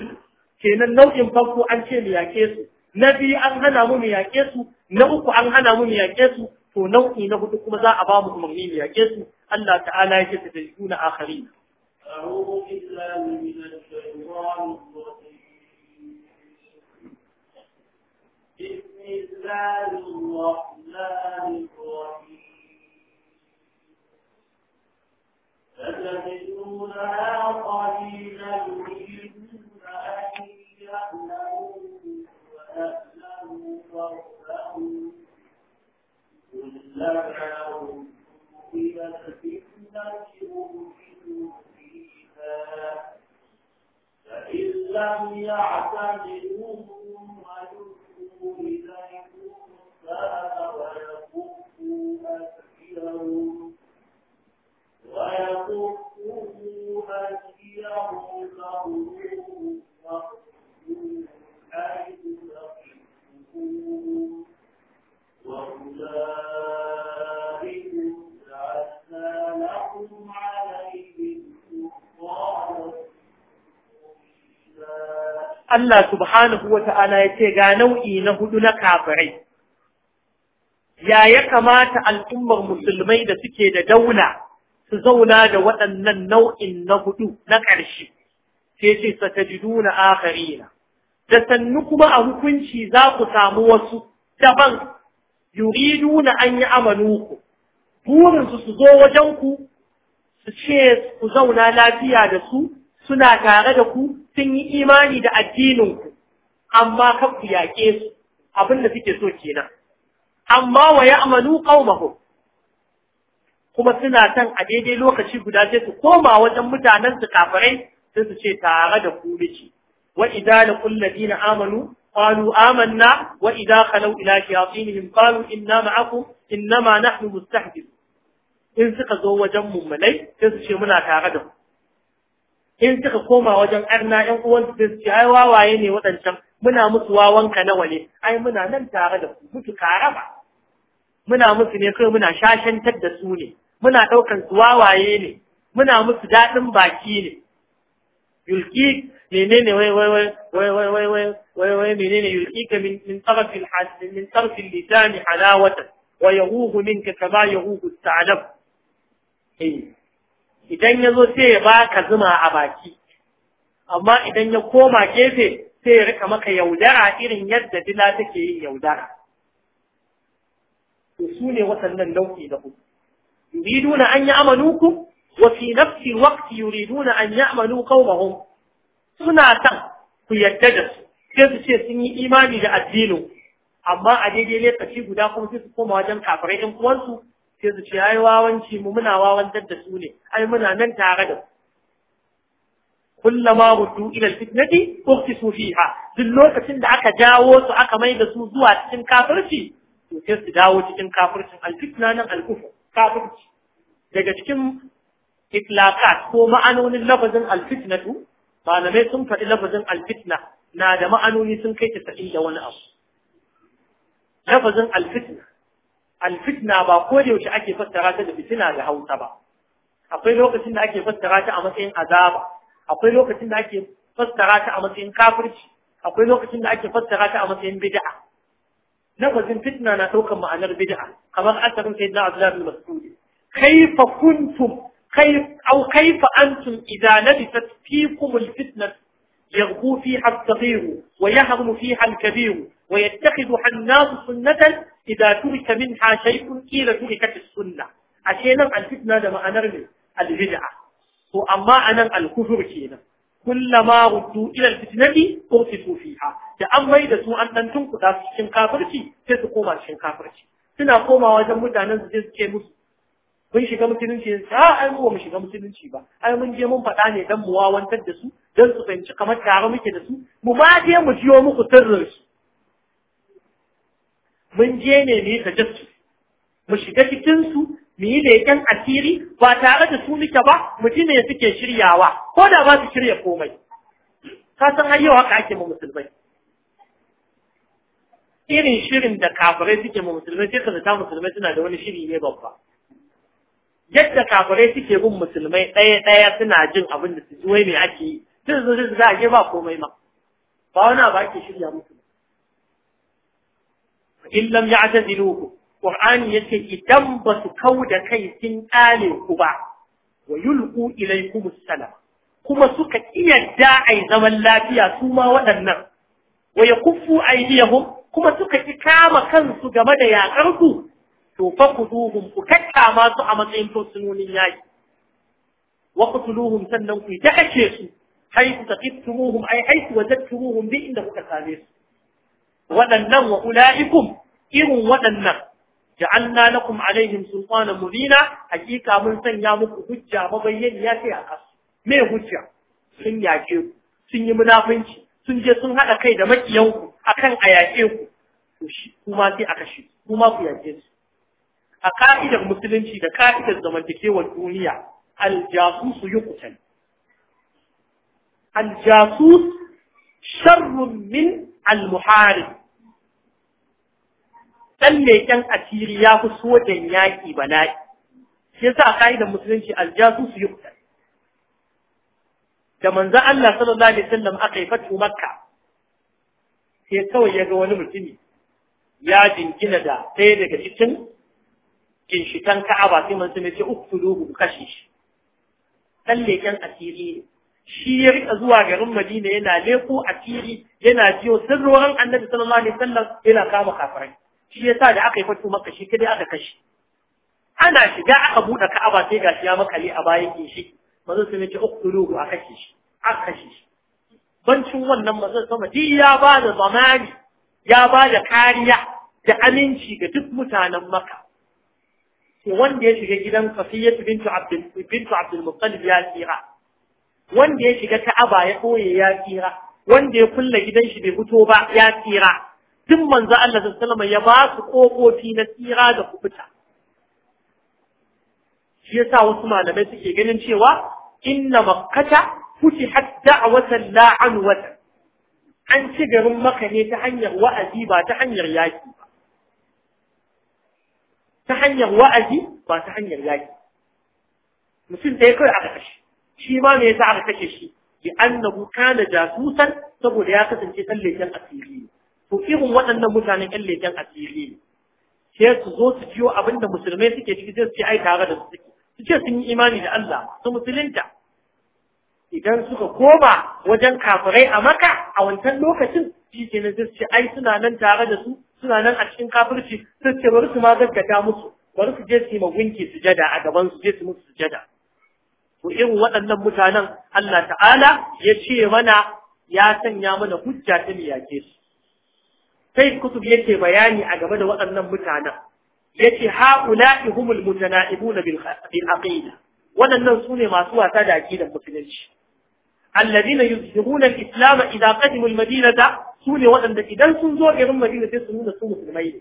kenan nau'in farko an ce mu yaƙe su na biyu an hana mu mu yaƙe su na uku an hana mu mu yaƙe su to nau'i na hudu kuma za a ba mu umarni mu yaƙe su Allah ta'ala ya ce ta akhari بسم الله الرحمن الرحيم فتجدونها قليلا مما يعلمون وأهله فرحهم كلما أرسلت فتنة أرسلوا فيها فإن لم يعتذروهم ويلقوا إليكم السلام ويكفوا أسرهم Allah subhanahu wa ta'ala ya ce ga nau'i na hudu na kafirai, ya ya kamata al'ummar musulmai da suke da dauna su zauna da waɗannan nau'in na hudu na ƙarshe sai ce satajiduna akharina da sannu kuma a hukunci za ku samu wasu daban yuriduna an yi amanuku burinsu su zo wajen ku su ce ku zauna lafiya da su suna tare da ku sun yi imani da addininku amma kan ku yaƙe su abin da suke so kenan amma wa amanu ƙaumahu, kuma suna son a daidai lokaci guda sai su koma wajen mutanen su kafirai sai su ce tare da ku biki. wa idza laqul ladina amanu qalu amanna wa idza khalu ila shayatinihim qalu inna ma'akum innama nahnu mustahzi'un in suka zo wajen mummalai sai su ce muna tare da ku in suka koma wajen arna ɗan uwansu sai su ce ai wawaye ne waɗancan muna musu wawanka nawa ne ai muna nan tare da ku mutu karaba muna musu ne kai muna shashantar da su ne muna ɗaukan su wawaye ne muna musu daɗin baki ne yulki menene wai wai wai wai wai wai wai wai wai menene ka min min al-hasan min al-lisan halawatan wa yahuhu minka kama yahuhu al eh idan ya zo sai ya baka zuma a baki amma idan ya koma gefe sai ya rika maka yaudara irin yadda dila take yin yaudara to su ne waɗannan nau'i da hudu yuriduna an ya'manukum wa fi nafsi alwaqti yuriduna an ya'manu qaumahum suna san ku yarda da su sai su ce sun yi imani da addinin amma a daidai lokaci guda kuma sai su koma wajen kafirai ɗin uwansu sai su ce ai wawanci mu muna wawan da su ne ai muna nan tare da su kullama ruddu ila alfitnati ukhtisu fiha duk lokacin da aka jawo su aka mai da su zuwa cikin kafirci to sai su dawo cikin kafircin alfitna nan alkufu kafirci daga cikin itlaqat ko ma'anonin lafazin alfitnatu malamai sun faɗi lafazin alfitna na da ma'anoni sun kai ta tasa'in da wani abu lafazin alfitna alfitna ba ko da yaushe ake fassara ta da fitina da hausa ba akwai lokacin da ake fassara ta a matsayin azaba akwai lokacin da ake fassara ta a matsayin kafirci akwai lokacin da ake fassara ta a matsayin bid'a lafazin فتنة na ɗaukar البدعة كما kamar سيدنا sai na abdullahi bin mas'ud kaifa kuntum أو كيف أنتم إذا نبثت فيكم الفتنة يغبو فيها الصغير ويهرم فيها الكبير ويتخذ الناس سنة إذا ترك منها شيء إلى تركت السنة أشينا الفتنة لما أنرمي البدعة وأما أنا الكفر كينا kullama ruddu ila ko urtifu fiha da an mai da su an dan tunkuta su cikin kafirci sai su koma cikin kafirci suna komawa wajen mutanen su sai su musu mun shiga musulunci a ah, ai mu ba mu shiga musulunci ba ai mun je mun faɗa ne dan mu wawantar da su dan su fahimci kamar tare muke da su mu ma je mu jiyo muku sirrin su mun je ne ne ka jassu mu shiga cikin su mu yi leƙen asiri ba tare da su muke ba mutum ne suke shiryawa ko da ba su shirya komai ka san har yau haka ake ma musulmai irin shirin da kafirai suke ma musulmai sai ka zata musulmai suna da wani shiri ne babba yadda kafirai suke bin musulmai ɗaya ɗaya suna jin abin da su ji wai me ake yi sun zo za a je ba komai ma ba wani abu ake shirya musu in lam ya'taziluhu Qur'ani yace idan ba su kau da kai sun ƙale ku ba wa ilai kuma salam kuma suka kiyarda ai zaman lafiya su ma waɗannan wa yakuffu aydiyahum kuma suka ƙi kama kansu game da yakar ku to fa kuduhum ku kakkama masu a matsayin fursunonin yaki wa qutuluhum sannan ku ta kace su haiku taqtumuhum ai haiku wajadtumuhum bi inda kuka same su waɗannan wa ulaikum irin waɗannan ja'alna lakum alaihim sultanan mubina hakika mun sanya muku hujja mabayyani ya sai a kasu me hujja sun yake ku sun yi munafunci sun je sun hada kai da makiyanku akan a yake ku kuma sai a kashe kuma ku yake su a ka'idar musulunci da ka'idar zamantakewar duniya aljasusu yuqtal aljasus sharrun min almuharib ɗan leken asiri ya fi sojan yaƙi bala'i shi yasa ka'idar musulunci aljasu su yukta da manzo Allah sallallahu alaihi wasallam aka yi fatu makka sai kawai ya ga wani mutumi ya jingina da ɗaya daga cikin ginshikan ka'aba sai manzo ne ce uktuluhu kashe shi dan leken asiri shi ya rika zuwa garin Madina yana leko asiri yana jiyo sirrorin Annabi sallallahu alaihi wasallam yana kama kafirai shi yasa da aka yi fatu maka shi kadai aka kashi. ana shiga aka buɗe ka'aba sai gashi ya makale a bayan kishi manzo sai yace uqtuluhu a kashi shi aka kashe shi bancin wannan manzo sama di ya ba da zamani ya ba da kariya da aminci ga duk mutanen maka sai wanda ya shiga gidan Safiyyatu bintu Abdul bintu Abdul Muttalib ya tsira wanda ya shiga Ka'aba ya koye ya tsira wanda ya kulle gidan shi bai fito ba ya tsira duk manzo Allah sallallahu alaihi ya ba su kofofi na tsira da kubuta shi yasa wasu malamai suke ganin cewa inna makkata futihat da'watan la'anwatan an ci garin maka ne ta hanyar wa'azi ba ta hanyar yaki ba ta hanyar wa'azi ba ta hanyar yaki mutum da ya kai aka kashe shi ma me yasa aka kashe shi bi annahu kana jasusan saboda ya kasance dan asiri ne. to irin waɗannan mutanen ƴan leƙen asiri ne sai su zo su ciwo abin musulmai suke ciki sai su ce ai tare da su suke su ce sun yi imani da Allah su musulunta idan suka koma wajen kafirai a maka a wancan lokacin shi ke na sai ai suna nan tare da su suna nan a cikin kafirci sai ce bari su ma gaggata musu bari su je su yi magunki jada, a gaban su je su musu sujada to irin waɗannan mutanen Allah ta'ala ya ce mana ya sanya mana hujja ta miyake su sai kutub yake bayani a game da waɗannan mutanen yace haula'i humul mutana'ibuna bil aqida waɗannan sune masu wasa da aqidar musulunci alladina yuzhiruna al-islam idan qadimu al-madinata sune waɗanda idan sun zo garin madina sai su nuna su musulmai ne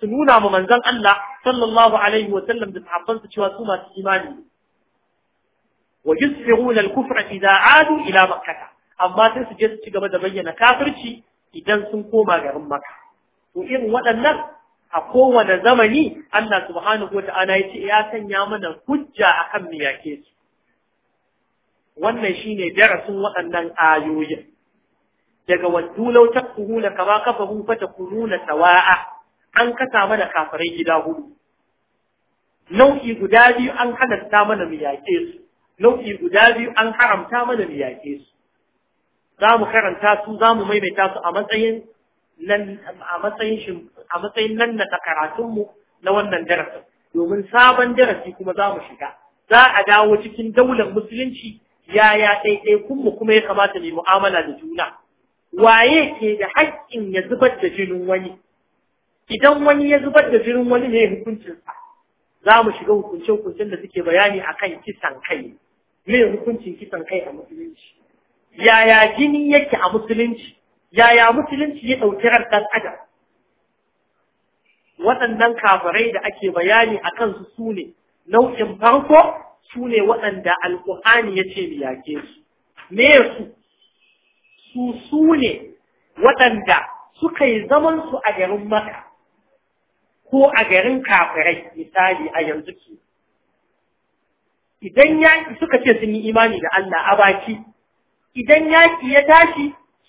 su nuna mu manzon Allah sallallahu alaihi wa sallam da sahabbansa cewa su masu imani ne wa yuzhiruna al-kufra idan adu ila makkah amma sai su je su ci gaba da bayyana kafirci idan sun koma garin maka to irin waɗannan a kowane zamani Allah subhanahu wa ta'ala ya ce ya sanya mana hujja akan miyake su wannan shi ne darasin waɗannan ayoyin daga lautar kuhu na kama kuhu na tawa'a, an kasa mana kafirai gida hudu nau'i guda biyu an halatta mana miyake su nau'i guda biyu an haramta mana miyake su za mu karanta su za mu maimaita su a matsayin nan na karatunmu na wannan darasin domin sabon darasi kuma za mu shiga za a dawo cikin daular musulunci yaya ɗaiɗaikun kuma ya kamata mai mu'amala da juna waye ke da haƙƙin ya zubar da jinin wani idan wani ya zubar da jinin wani ne hukuncinsa za mu shiga hukunce-hukuncen da suke bayani a kan kisan kai me hukuncin kisan kai a musulunci yaya jini yake a musulunci yaya musulunci ya ɗauki rarkar adam waɗannan kafirai da ake bayani a kansu su ne nau'in farko su ne waɗanda alƙur'ani ya ce su me su su su ne waɗanda suka yi zamansu a garin maka ko a garin kafirai misali a yanzu ke idan ya suka ce sun yi imani da Allah a baki idan yaki ya tashi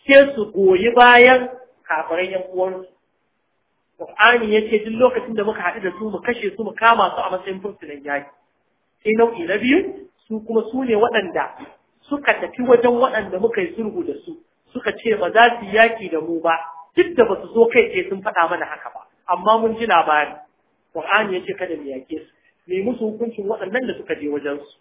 sai su goyi bayan kafirai yan uwansu Qur'ani ya ce duk lokacin da muka haɗu da su mu kashe su mu kama su a matsayin fursunan yaki sai nau'i na biyu su kuma su ne waɗanda suka tafi wajen waɗanda muka yi sulhu da su suka ce ba za su yaki da mu ba duk da ba su zo kai tsaye sun faɗa mana haka ba amma mun ji labari Qur'ani ya ce kada mu yake su me musu hukuncin waɗannan da suka je wajen su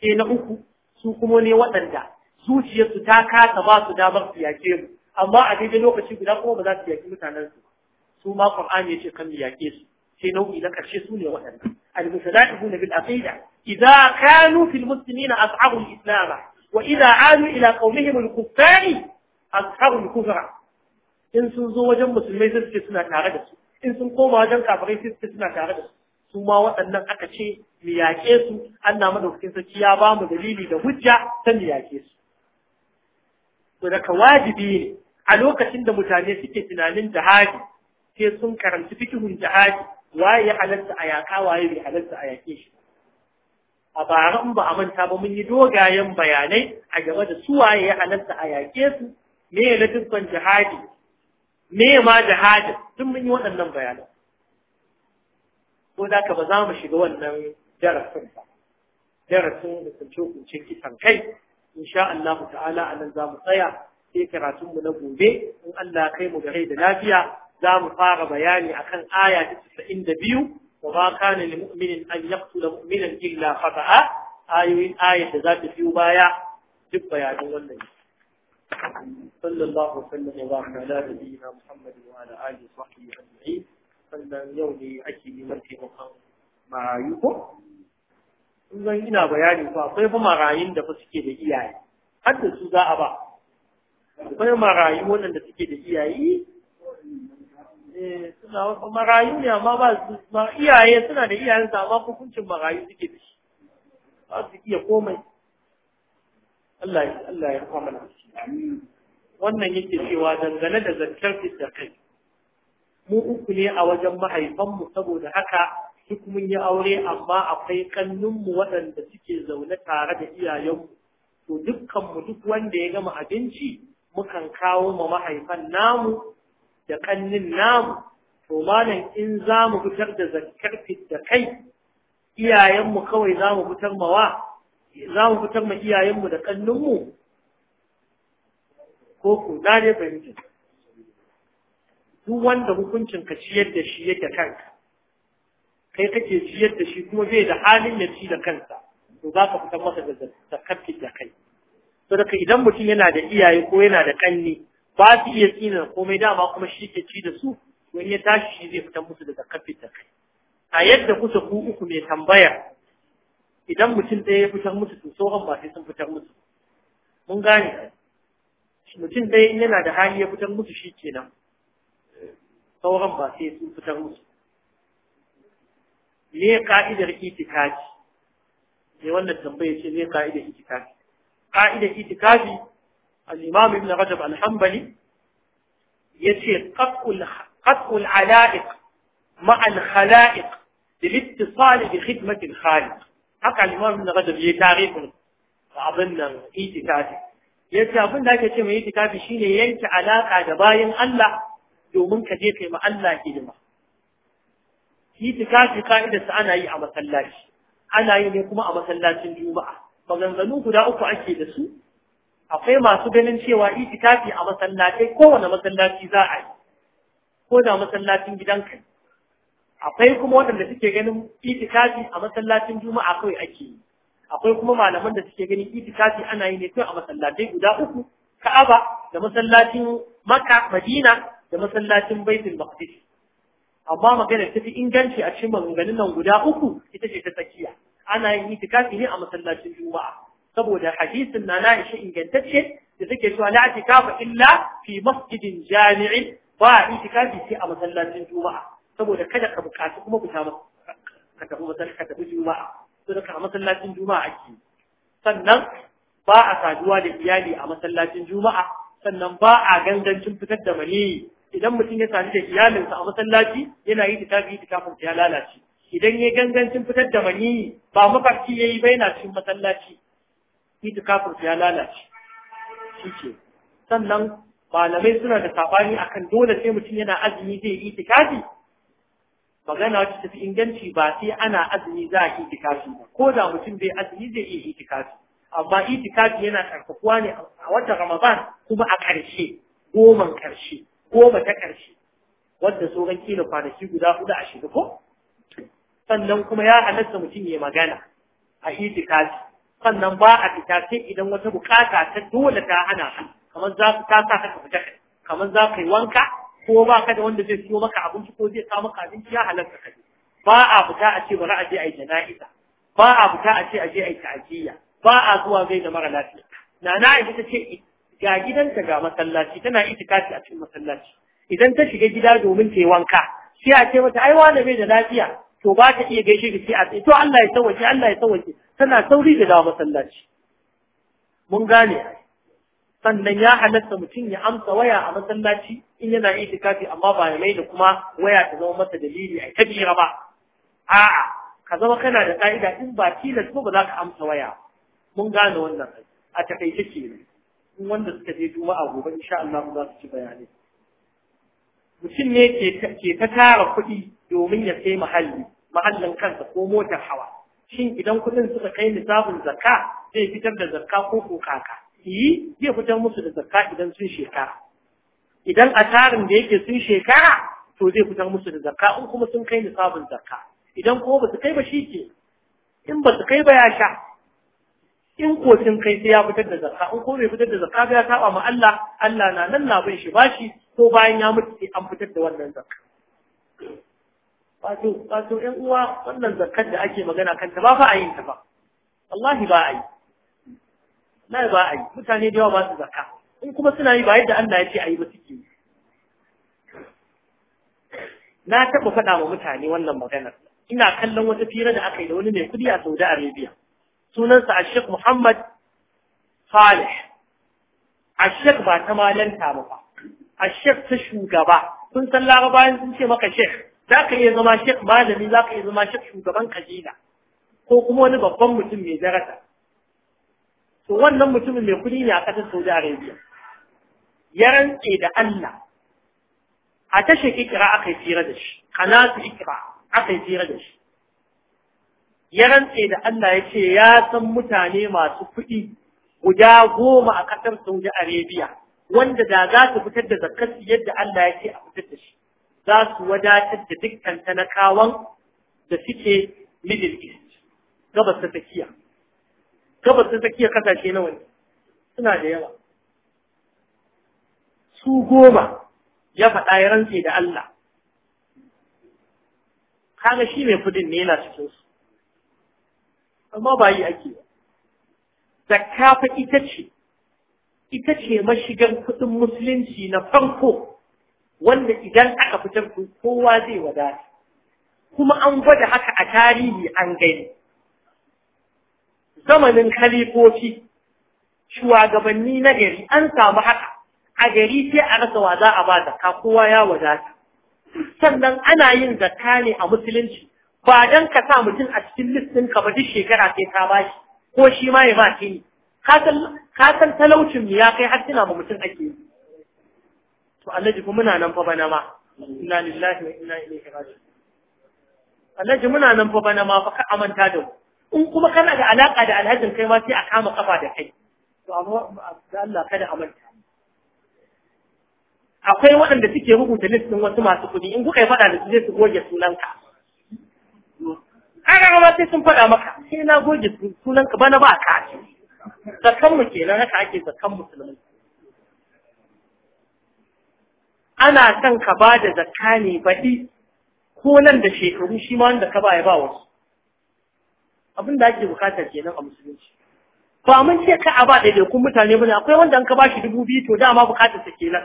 sai na uku su kuma ne waɗanda zuciyarsu ta kasa ba su damar su yake mu amma a daidai lokaci guda kuma ba za su yaki mutanen su su ma qur'ani yace kan yake su sai nau'i na karshe su ne waɗannan al-musadaquna bil aqida idza kanu fil muslimina as'abu al-islam wa idza alu ila qawmihim al-kuffari as'abu al-kufra in sun zo wajen musulmai sai suke suna tare da su in sun koma wajen kafirai sai suke suna tare da su su ma waɗannan aka ce mu yaƙe su Allah madaukakin sarki ya ba mu dalili da hujja ta mu yaƙe su to daga wajibi ne a lokacin da mutane suke tunanin jihadi sai sun karanci fikihun jihadi waye ya halatta a yaƙa waye bai halatta a yaƙe shi a bara in ba a manta ba mun yi dogayen bayanai a game da su waye ya halatta a yaƙe su me ya lafifan jihadi me ma jihadi tun mun yi waɗannan bayanai ko da ka ba za mu shiga wannan darasin ba darasin hukunce hukuncin kisan kai insha Allah ta'ala a nan za mu tsaya sai karatunmu na gobe in Allah kai mu gare da lafiya za mu fara bayani akan aya ta casa'in da biyu wa ma kana li mu'minin an yaqtula mu'minan illa khata'a ayoyin ayat da za ta biyo baya duk bayanin wannan sallallahu alaihi wa baraka ala nabiyyina Muhammad wa ala alihi wa sahbihi ajma'in sannan yau ne ake neman taimakon marayu ko kun zan ina bayani ko akwai kuma rayin da fa suke da iyaye har da su za a ba akwai marayu waɗanda suke da iyaye eh, suna marayu ne amma ba su iyaye suna da su amma hukuncin marayu suke da shi ba su iya komai Allah ya Allah ya kwamana wannan yake cewa dangane da zakkar da kai mu uku ne a wajen mahaifanmu saboda haka duk mun yi aure amma akwai kannunmu waɗanda suke zaune tare da iyayenmu to dukkanmu duk wanda ya gama abinci mukan kawo ma mahaifan namu da kannin namu to malam in za mu fitar da zakkar da kai iyayenmu kawai za mu fitar mawa za mu fitar ma iyayenmu da kannunmu ko ku na dai fahimci duk wanda hukuncin ka ciyar da shi yake kanka kai kake ciyar da shi kuma bai da halin ya ci da kansa to za ka fitar masa da zakar da kai to daga idan mutum yana da iyaye ko yana da kanni ba su iya tsina komai dama kuma shi ke ci da su to in ya tashi shi zai fitar musu da zakar da kai a yadda kusa ku uku mai tambaya idan mutum ɗaya ya fitar musu to sauran ba sai sun fitar musu mun gane mutum ɗaya yana da hali ya fitar musu shi kenan sauran ba sai sun fitar musu me ka'idar itikafi ne wannan tambaya ce me ka'idar itikafi ka'idar itikafi al-imam ibn rajab al-hanbali yace qat'ul qat'ul ala'iq ma'a al-khala'iq lil-ittisal bi khidmati al-khaliq haka al-imam ibn rajab yayi tarihin abin nan itikafi yace abin da ake ce mai itikafi shine yanke alaka da bayin Allah domin ka je kai ma Allah hidima itikafi su ana yi a masallaci ana yi ne kuma a masallacin juma'a maganganu guda uku ake da su akwai masu ganin cewa itikafi a masallatai kowane masallaci za a yi ko da masallacin gidanka akwai kuma waɗanda suke ganin itikafi a masallacin juma'a kawai ake yi akwai kuma malaman da suke ganin itikafi ana yi ne kawai a masallatai guda uku ka'aba da masallacin makka madina da masallacin baitul maqdis amma magana ta fi inganci a cikin maganganun nan guda uku ita ce ta tsakiya ana yin itikafi ne a masallacin juma'a saboda hadisin na Aisha ingantacce da take cewa la itikafa illa fi masjidin jami'i ba itikafi sai a masallacin juma'a saboda kada ka bukaci kuma ku tafi ka tafi masallaci ka tafi juma'a to da ka masallacin juma'a ake sannan ba a saduwa da iyali a masallacin juma'a sannan ba a gangancin fitar da maniyi idan mutum ya sami da iyalinsa a masallaci yana yi tikafi tikafin ya lalace idan ya gangancin fitar da mani ba mafarki ya yi ba yana cikin masallaci itikafin ya lalace shi ke sannan malamai suna da sabani akan dole sai mutum yana azumi zai yi itikafi magana wacce tafi inganci ba sai ana azumi za a itikafi ba ko da mutum bai azumi zai iya itikafi amma itikafi yana karfafuwa ne a watan ramadan kuma a ƙarshe goman ƙarshe goma ta ƙarshe wanda sauran kila kwanaki guda hudu a shiga ko sannan kuma ya halatta mutum ya magana a itikafi sannan ba a fita idan wata bukata ta dole ta hana kamar za su ta sa ka fita kamar za ka yi wanka ko ba ka da wanda zai siyo maka abinci ko zai kawo maka abinci ya halatta ka ba a fita a ce bari a je a yi jana'iza ba a fita a ce a je a yi ta'aziyya ba a zuwa zai da mara lafiya na na ita ce ga gidanta ga masallaci tana itikafi a cikin masallaci idan ta shiga gida domin ta yi wanka sai a ce mata ai wani bai da lafiya to ba ta iya gaishe da sai a tsaye, to Allah ya sauwace Allah ya sauwace tana sauri da dawo masallaci mun gane sannan ya halatta mutum ya amsa waya a masallaci in yana itikafi amma ba ya mai da kuma waya ta zama masa dalili a kabira ba a'a ka zama kana da ka'ida in ba tilas ba ba za ka amsa waya mun gane wannan a takaice kenan wanda suka je juma'a gobe insha Allah za su ci bayanai mutum ne ke ta tara kuɗi domin ya kai mahalli mahallin kansa ko motar hawa shin idan kuɗin suka kai nisabin zakka zai fitar da zakka ko kuka ka? yi zai fitar musu da zakka idan sun shekara idan a tarin da yake sun shekara to zai fitar musu da zakka in kuma sun kai nisabin zakka idan kuma ba su kai ba shi ke in ba su kai ba ya sha in ko sun kai sai ya fitar da zakka in ko bai fitar da zakka ba ya saba ma Allah Allah na nan na bin shi bashi ko bayan ya mutu sai an fitar da wannan zakka wato wato ƴan uwa wannan zakkar da ake magana kan ta ba fa a yin ta ba wallahi ba a yi na ba a yi mutane da yawa ba su zakka in kuma suna yi ba yadda Allah ya ce a yi ba suke na taɓa faɗa wa mutane wannan maganar ina kallon wata fira da aka yi da wani mai kuɗi a Saudi Arabia sunansa Ashik Muhammad Salih Ashik ba ta malanta ba fa Ashik ta shugaba sun san larabayan sun ce maka Sheikh za ka iya zama Sheikh malami za ka iya zama Sheikh shugaban kabila ko kuma wani babban mutum mai daraja to wannan mutumin mai kuɗi ne a ƙasar Saudi Arabia ya rantse da Allah a tashar ikira aka yi fira da shi, kanatu ikira aka yi fira da shi. ya rantse da Allah ya ce ya san mutane masu kuɗi guda goma a ƙasar Saudi Arabia wanda da za su fitar da zakkarsu yadda Allah ya ce a fitar da shi za su wadatar da dukkan talakawan da suke Middle East gabas ta tsakiya gabas ta tsakiya kasashe nawa ne suna da yawa su goma ya faɗa ya rantse da Allah kaga shi mai kudin ne yana cikinsu amma ba yi ake ba zakka fa ita ce ita ce mashigar kuɗin musulunci na farko wanda idan aka fitar kowa zai wadata kuma an gwada haka a tarihi an gani zamanin khalifofi shugabanni na gari an samu haka a gari sai a rasa wa za a ba zakka kowa ya wadata sannan ana yin zakka ne a musulunci ba don ka sa mutum a cikin list ka ba duk shekara sai ka bashi ko shi ma ya ba shi ne ka san talaucin ya kai har tuna ba mutum ake yi to Allah kuma muna nan fa bana ma inna lillahi wa inna ilaihi raji'un alhaji muna nan fa bana ma fa ka amanta da in kuma kana da alaka da alhajin kai ma sai a kama kafa da kai to amma da Allah kada amanta akwai waɗanda suke rubuta listin wasu masu kuɗi in kuka yi faɗa da su zai su goge sunanka ƙararrawa sai sun faɗa maka sai na goge sunan ka bana ba ka ce zakan mu kenan haka ake zakan musulmai ana son ka ba da zakka ne baɗi ko nan da shekaru shi ma wanda ka ba ya ba wasu abin da ake bukata kenan a musulunci ba mun ce ka a ba ɗaiɗaikun mutane ba ne akwai wanda an ka ba shi dubu biyu to dama bukatar sa kenan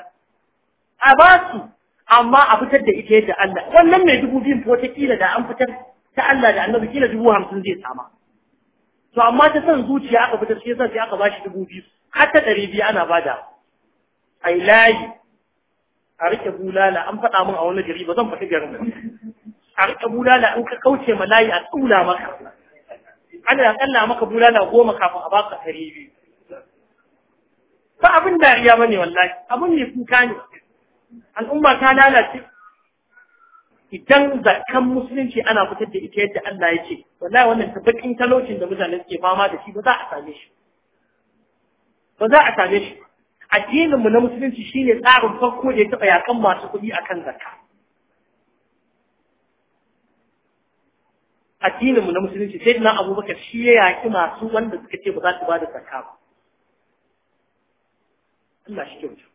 a ba su amma a fitar da ita yadda Allah wannan mai dubu biyun ko ta kila da an fitar ta Allah da annabi kila dubu hamsin zai sama to amma ta san zuciya aka fitar shi sai aka bashi dubu biyu har ta ɗari biyu ana bada ai layi a riƙe bulala an faɗa min a wani gari ba zan faɗi garin a riƙe bulala an ka kauce ma layi a tsula maka ana ƙalla maka bulala goma kafin a baka ɗari biyu ba abin dariya ne wallahi abin ne kuka ne al'umma ta lalace idan zakan musulunci ana fitar da ita yadda Allah ya ce wallahi wannan tabbakin talaucin da mutane suke fama da shi ba za a same shi ba za a same shi addinin mu na musulunci shine tsarin farko da ya taba yakan masu kuɗi akan zakka addinin mu na musulunci sai dina abubakar shi ya yaki masu wanda suka ce ba za su ba da zakka ba Allah shi kyauta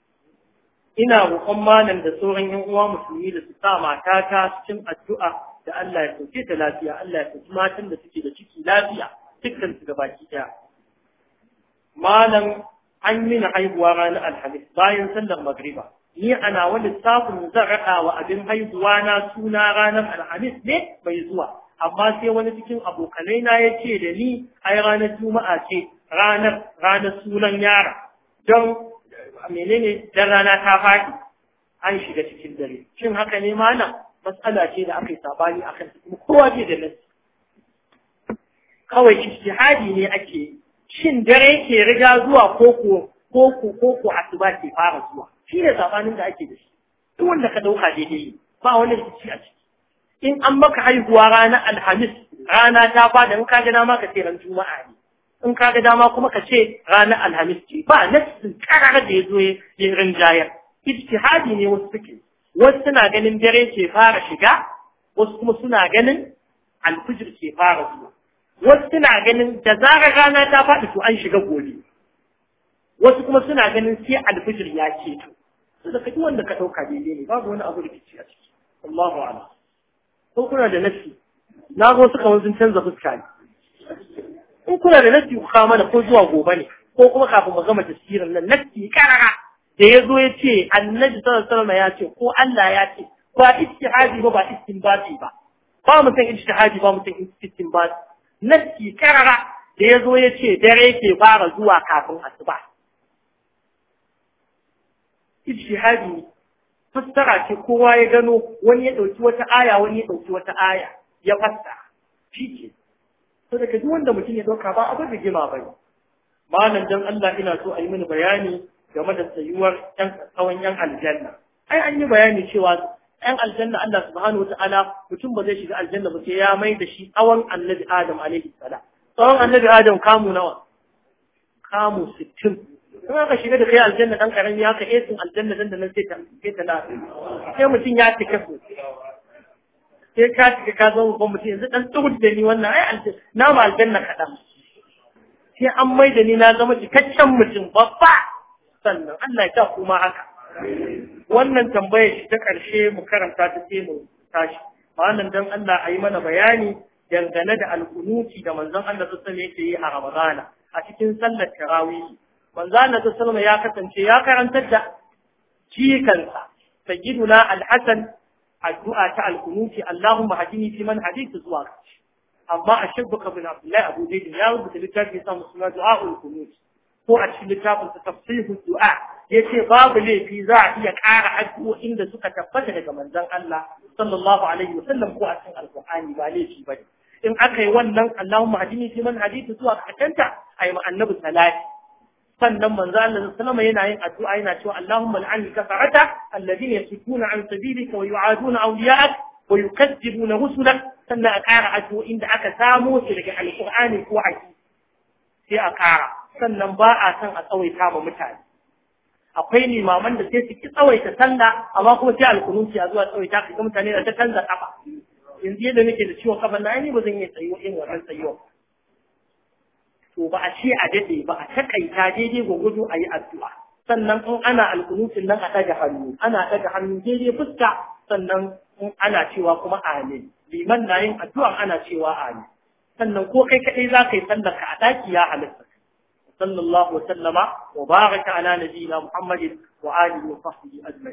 ina roƙon malam da sauran yan uwa musulmi da su sa matata cikin addu'a da Allah ya sauke ta lafiya Allah ya sauke matan da suke da ciki lafiya dukkan su baki ɗaya malam an yi na haihuwa ranar alhamis bayan sallar magriba ni ana wani lissafin zan raɗa wa abin haihuwa na suna ranar alhamis ne bai zuwa amma sai wani cikin abokanai na ya ce da ni ai ranar juma'a ce ranar ranar sunan yara don menene dan rana ta faɗi an shiga cikin dare shin haka ne malam matsala ce da aka yi sabani akan kuma kowa ke da nasi kawai ijtihadi ne ake shin dare ke riga zuwa ko ko ko ko ko asuba ke fara zuwa shi ne sabanin da ake da shi duk wanda ka dauka daidai ba wani rikici a ciki in an maka haihuwa rana alhamis rana ta fada in ka gina maka sai ran juma'a ne in ka ga dama kuma ka ce ranar alhamis ce ba nassin karar da ya zo ya rinjayar ijtihadi ne wasu suke wasu suna ganin dare ke fara shiga wasu kuma suna ganin alfijir ke fara zuwa wasu suna ganin da zarar rana ta faɗi to an shiga gobe wasu kuma suna ganin sai alfijir ya ceto da kaji wanda ka ɗauka daidai ne babu wani abu da kici a ciki Allahu Akbar ko kuna da nasi na zo suka wanzu sun canza fuska ne in kuna da nassi ku kawo mana ko zuwa gobe ne ko kuma kafin mu gama tafsirin nan nassi karara da ya zo ya ce annabi sallallahu alaihi ya ce ko Allah ya ce ba ijtihadi ba ba istinbati ba ba mu san ijtihadi ba mu san istinbati nassi karara da ya zo ya ce dare ke fara zuwa kafin asuba ijtihadi ne fassara ce kowa ya gano wani ya ɗauki wata aya wani ya ɗauki wata aya ya fassara shi ke to daga duk wanda mutum ya dauka ba abin rigima ba ne malam dan Allah ina so a yi mini bayani game da tsayuwar ƴan tsawon ƴan aljanna ai an yi bayani cewa ƴan aljanna Allah subhanahu wataala mutum ba zai shiga aljanna ba sai ya mai da shi tsawon annabi Adam alaihi salam tsawon annabi Adam kamu nawa kamu sittin. kuma ka shiga da kai aljanna ɗan ƙarami haka esin eh, aljanna dan da nan sai ta sai ta lafiya sai mutum ya tike su sai ka shiga ka zama babban mutum yanzu dan tsohon da ni wannan ai na ma aljanna kaɗan sai an mai da ni na zama cikakken mutum babba sannan Allah ya ta kuma haka wannan tambayar shi ta ƙarshe mu karanta ta sai mu tashi malam dan Allah a yi mana bayani dangane da alƙunuti da manzon Allah sallallahu alaihi yake yi a Ramadana a cikin sallar tarawih manzon Allah sallallahu ya kasance ya karantar da cikansa sayyiduna al-Hasan addu'a ta alkunuti Allahumma hadini fi man hadith zuwa amma a shabba kabin Abdullahi Abu Zaid ya rubuta littafin sa musulma al kunut ko a cikin littafin sa tafsirul du'a ce babu laifi za a iya ƙara addu'o'in da suka tabbata daga manzon Allah sallallahu alaihi sallam, ko a cikin alqur'ani ba laifi bane in aka yi wannan allahun hadini fi man hadith zuwa katanta ayi ma annabi salati sannan manzo Allah sallama yana yin addu'a yana cewa Allahumma la'anni kafarata alladhina yasuduna an sabilika wa yu'aduna awliya'ak wa yukadzibuna rusulak sannan a ƙara addu'o'in da aka samo su daga alqur'ani ko hadisi sai a ƙara sannan ba a san a tsawaita ma mutane akwai limaman da sai su ki tsawaita sallah amma kuma sai alkunuti a zuwa tsawaita ga mutane da ta canza kafa yanzu yadda nake da ciwon kafa na ni ba zan iya tsayuwa in wannan tsayuwa to ba a ce a dade ba a takaita daidai gwagwado a yi addu'a sannan in ana alkunutun nan a ɗaga hannu ana ɗaga hannu daidai fuska sannan in ana cewa kuma amin liman na yin addu'a ana cewa amin sannan ko kai kaɗai za ka yi sallar a ɗaki ya halitta sallallahu wasallama wa baraka ala nabiyina muhammadin wa alihi wa sahbihi ajma'in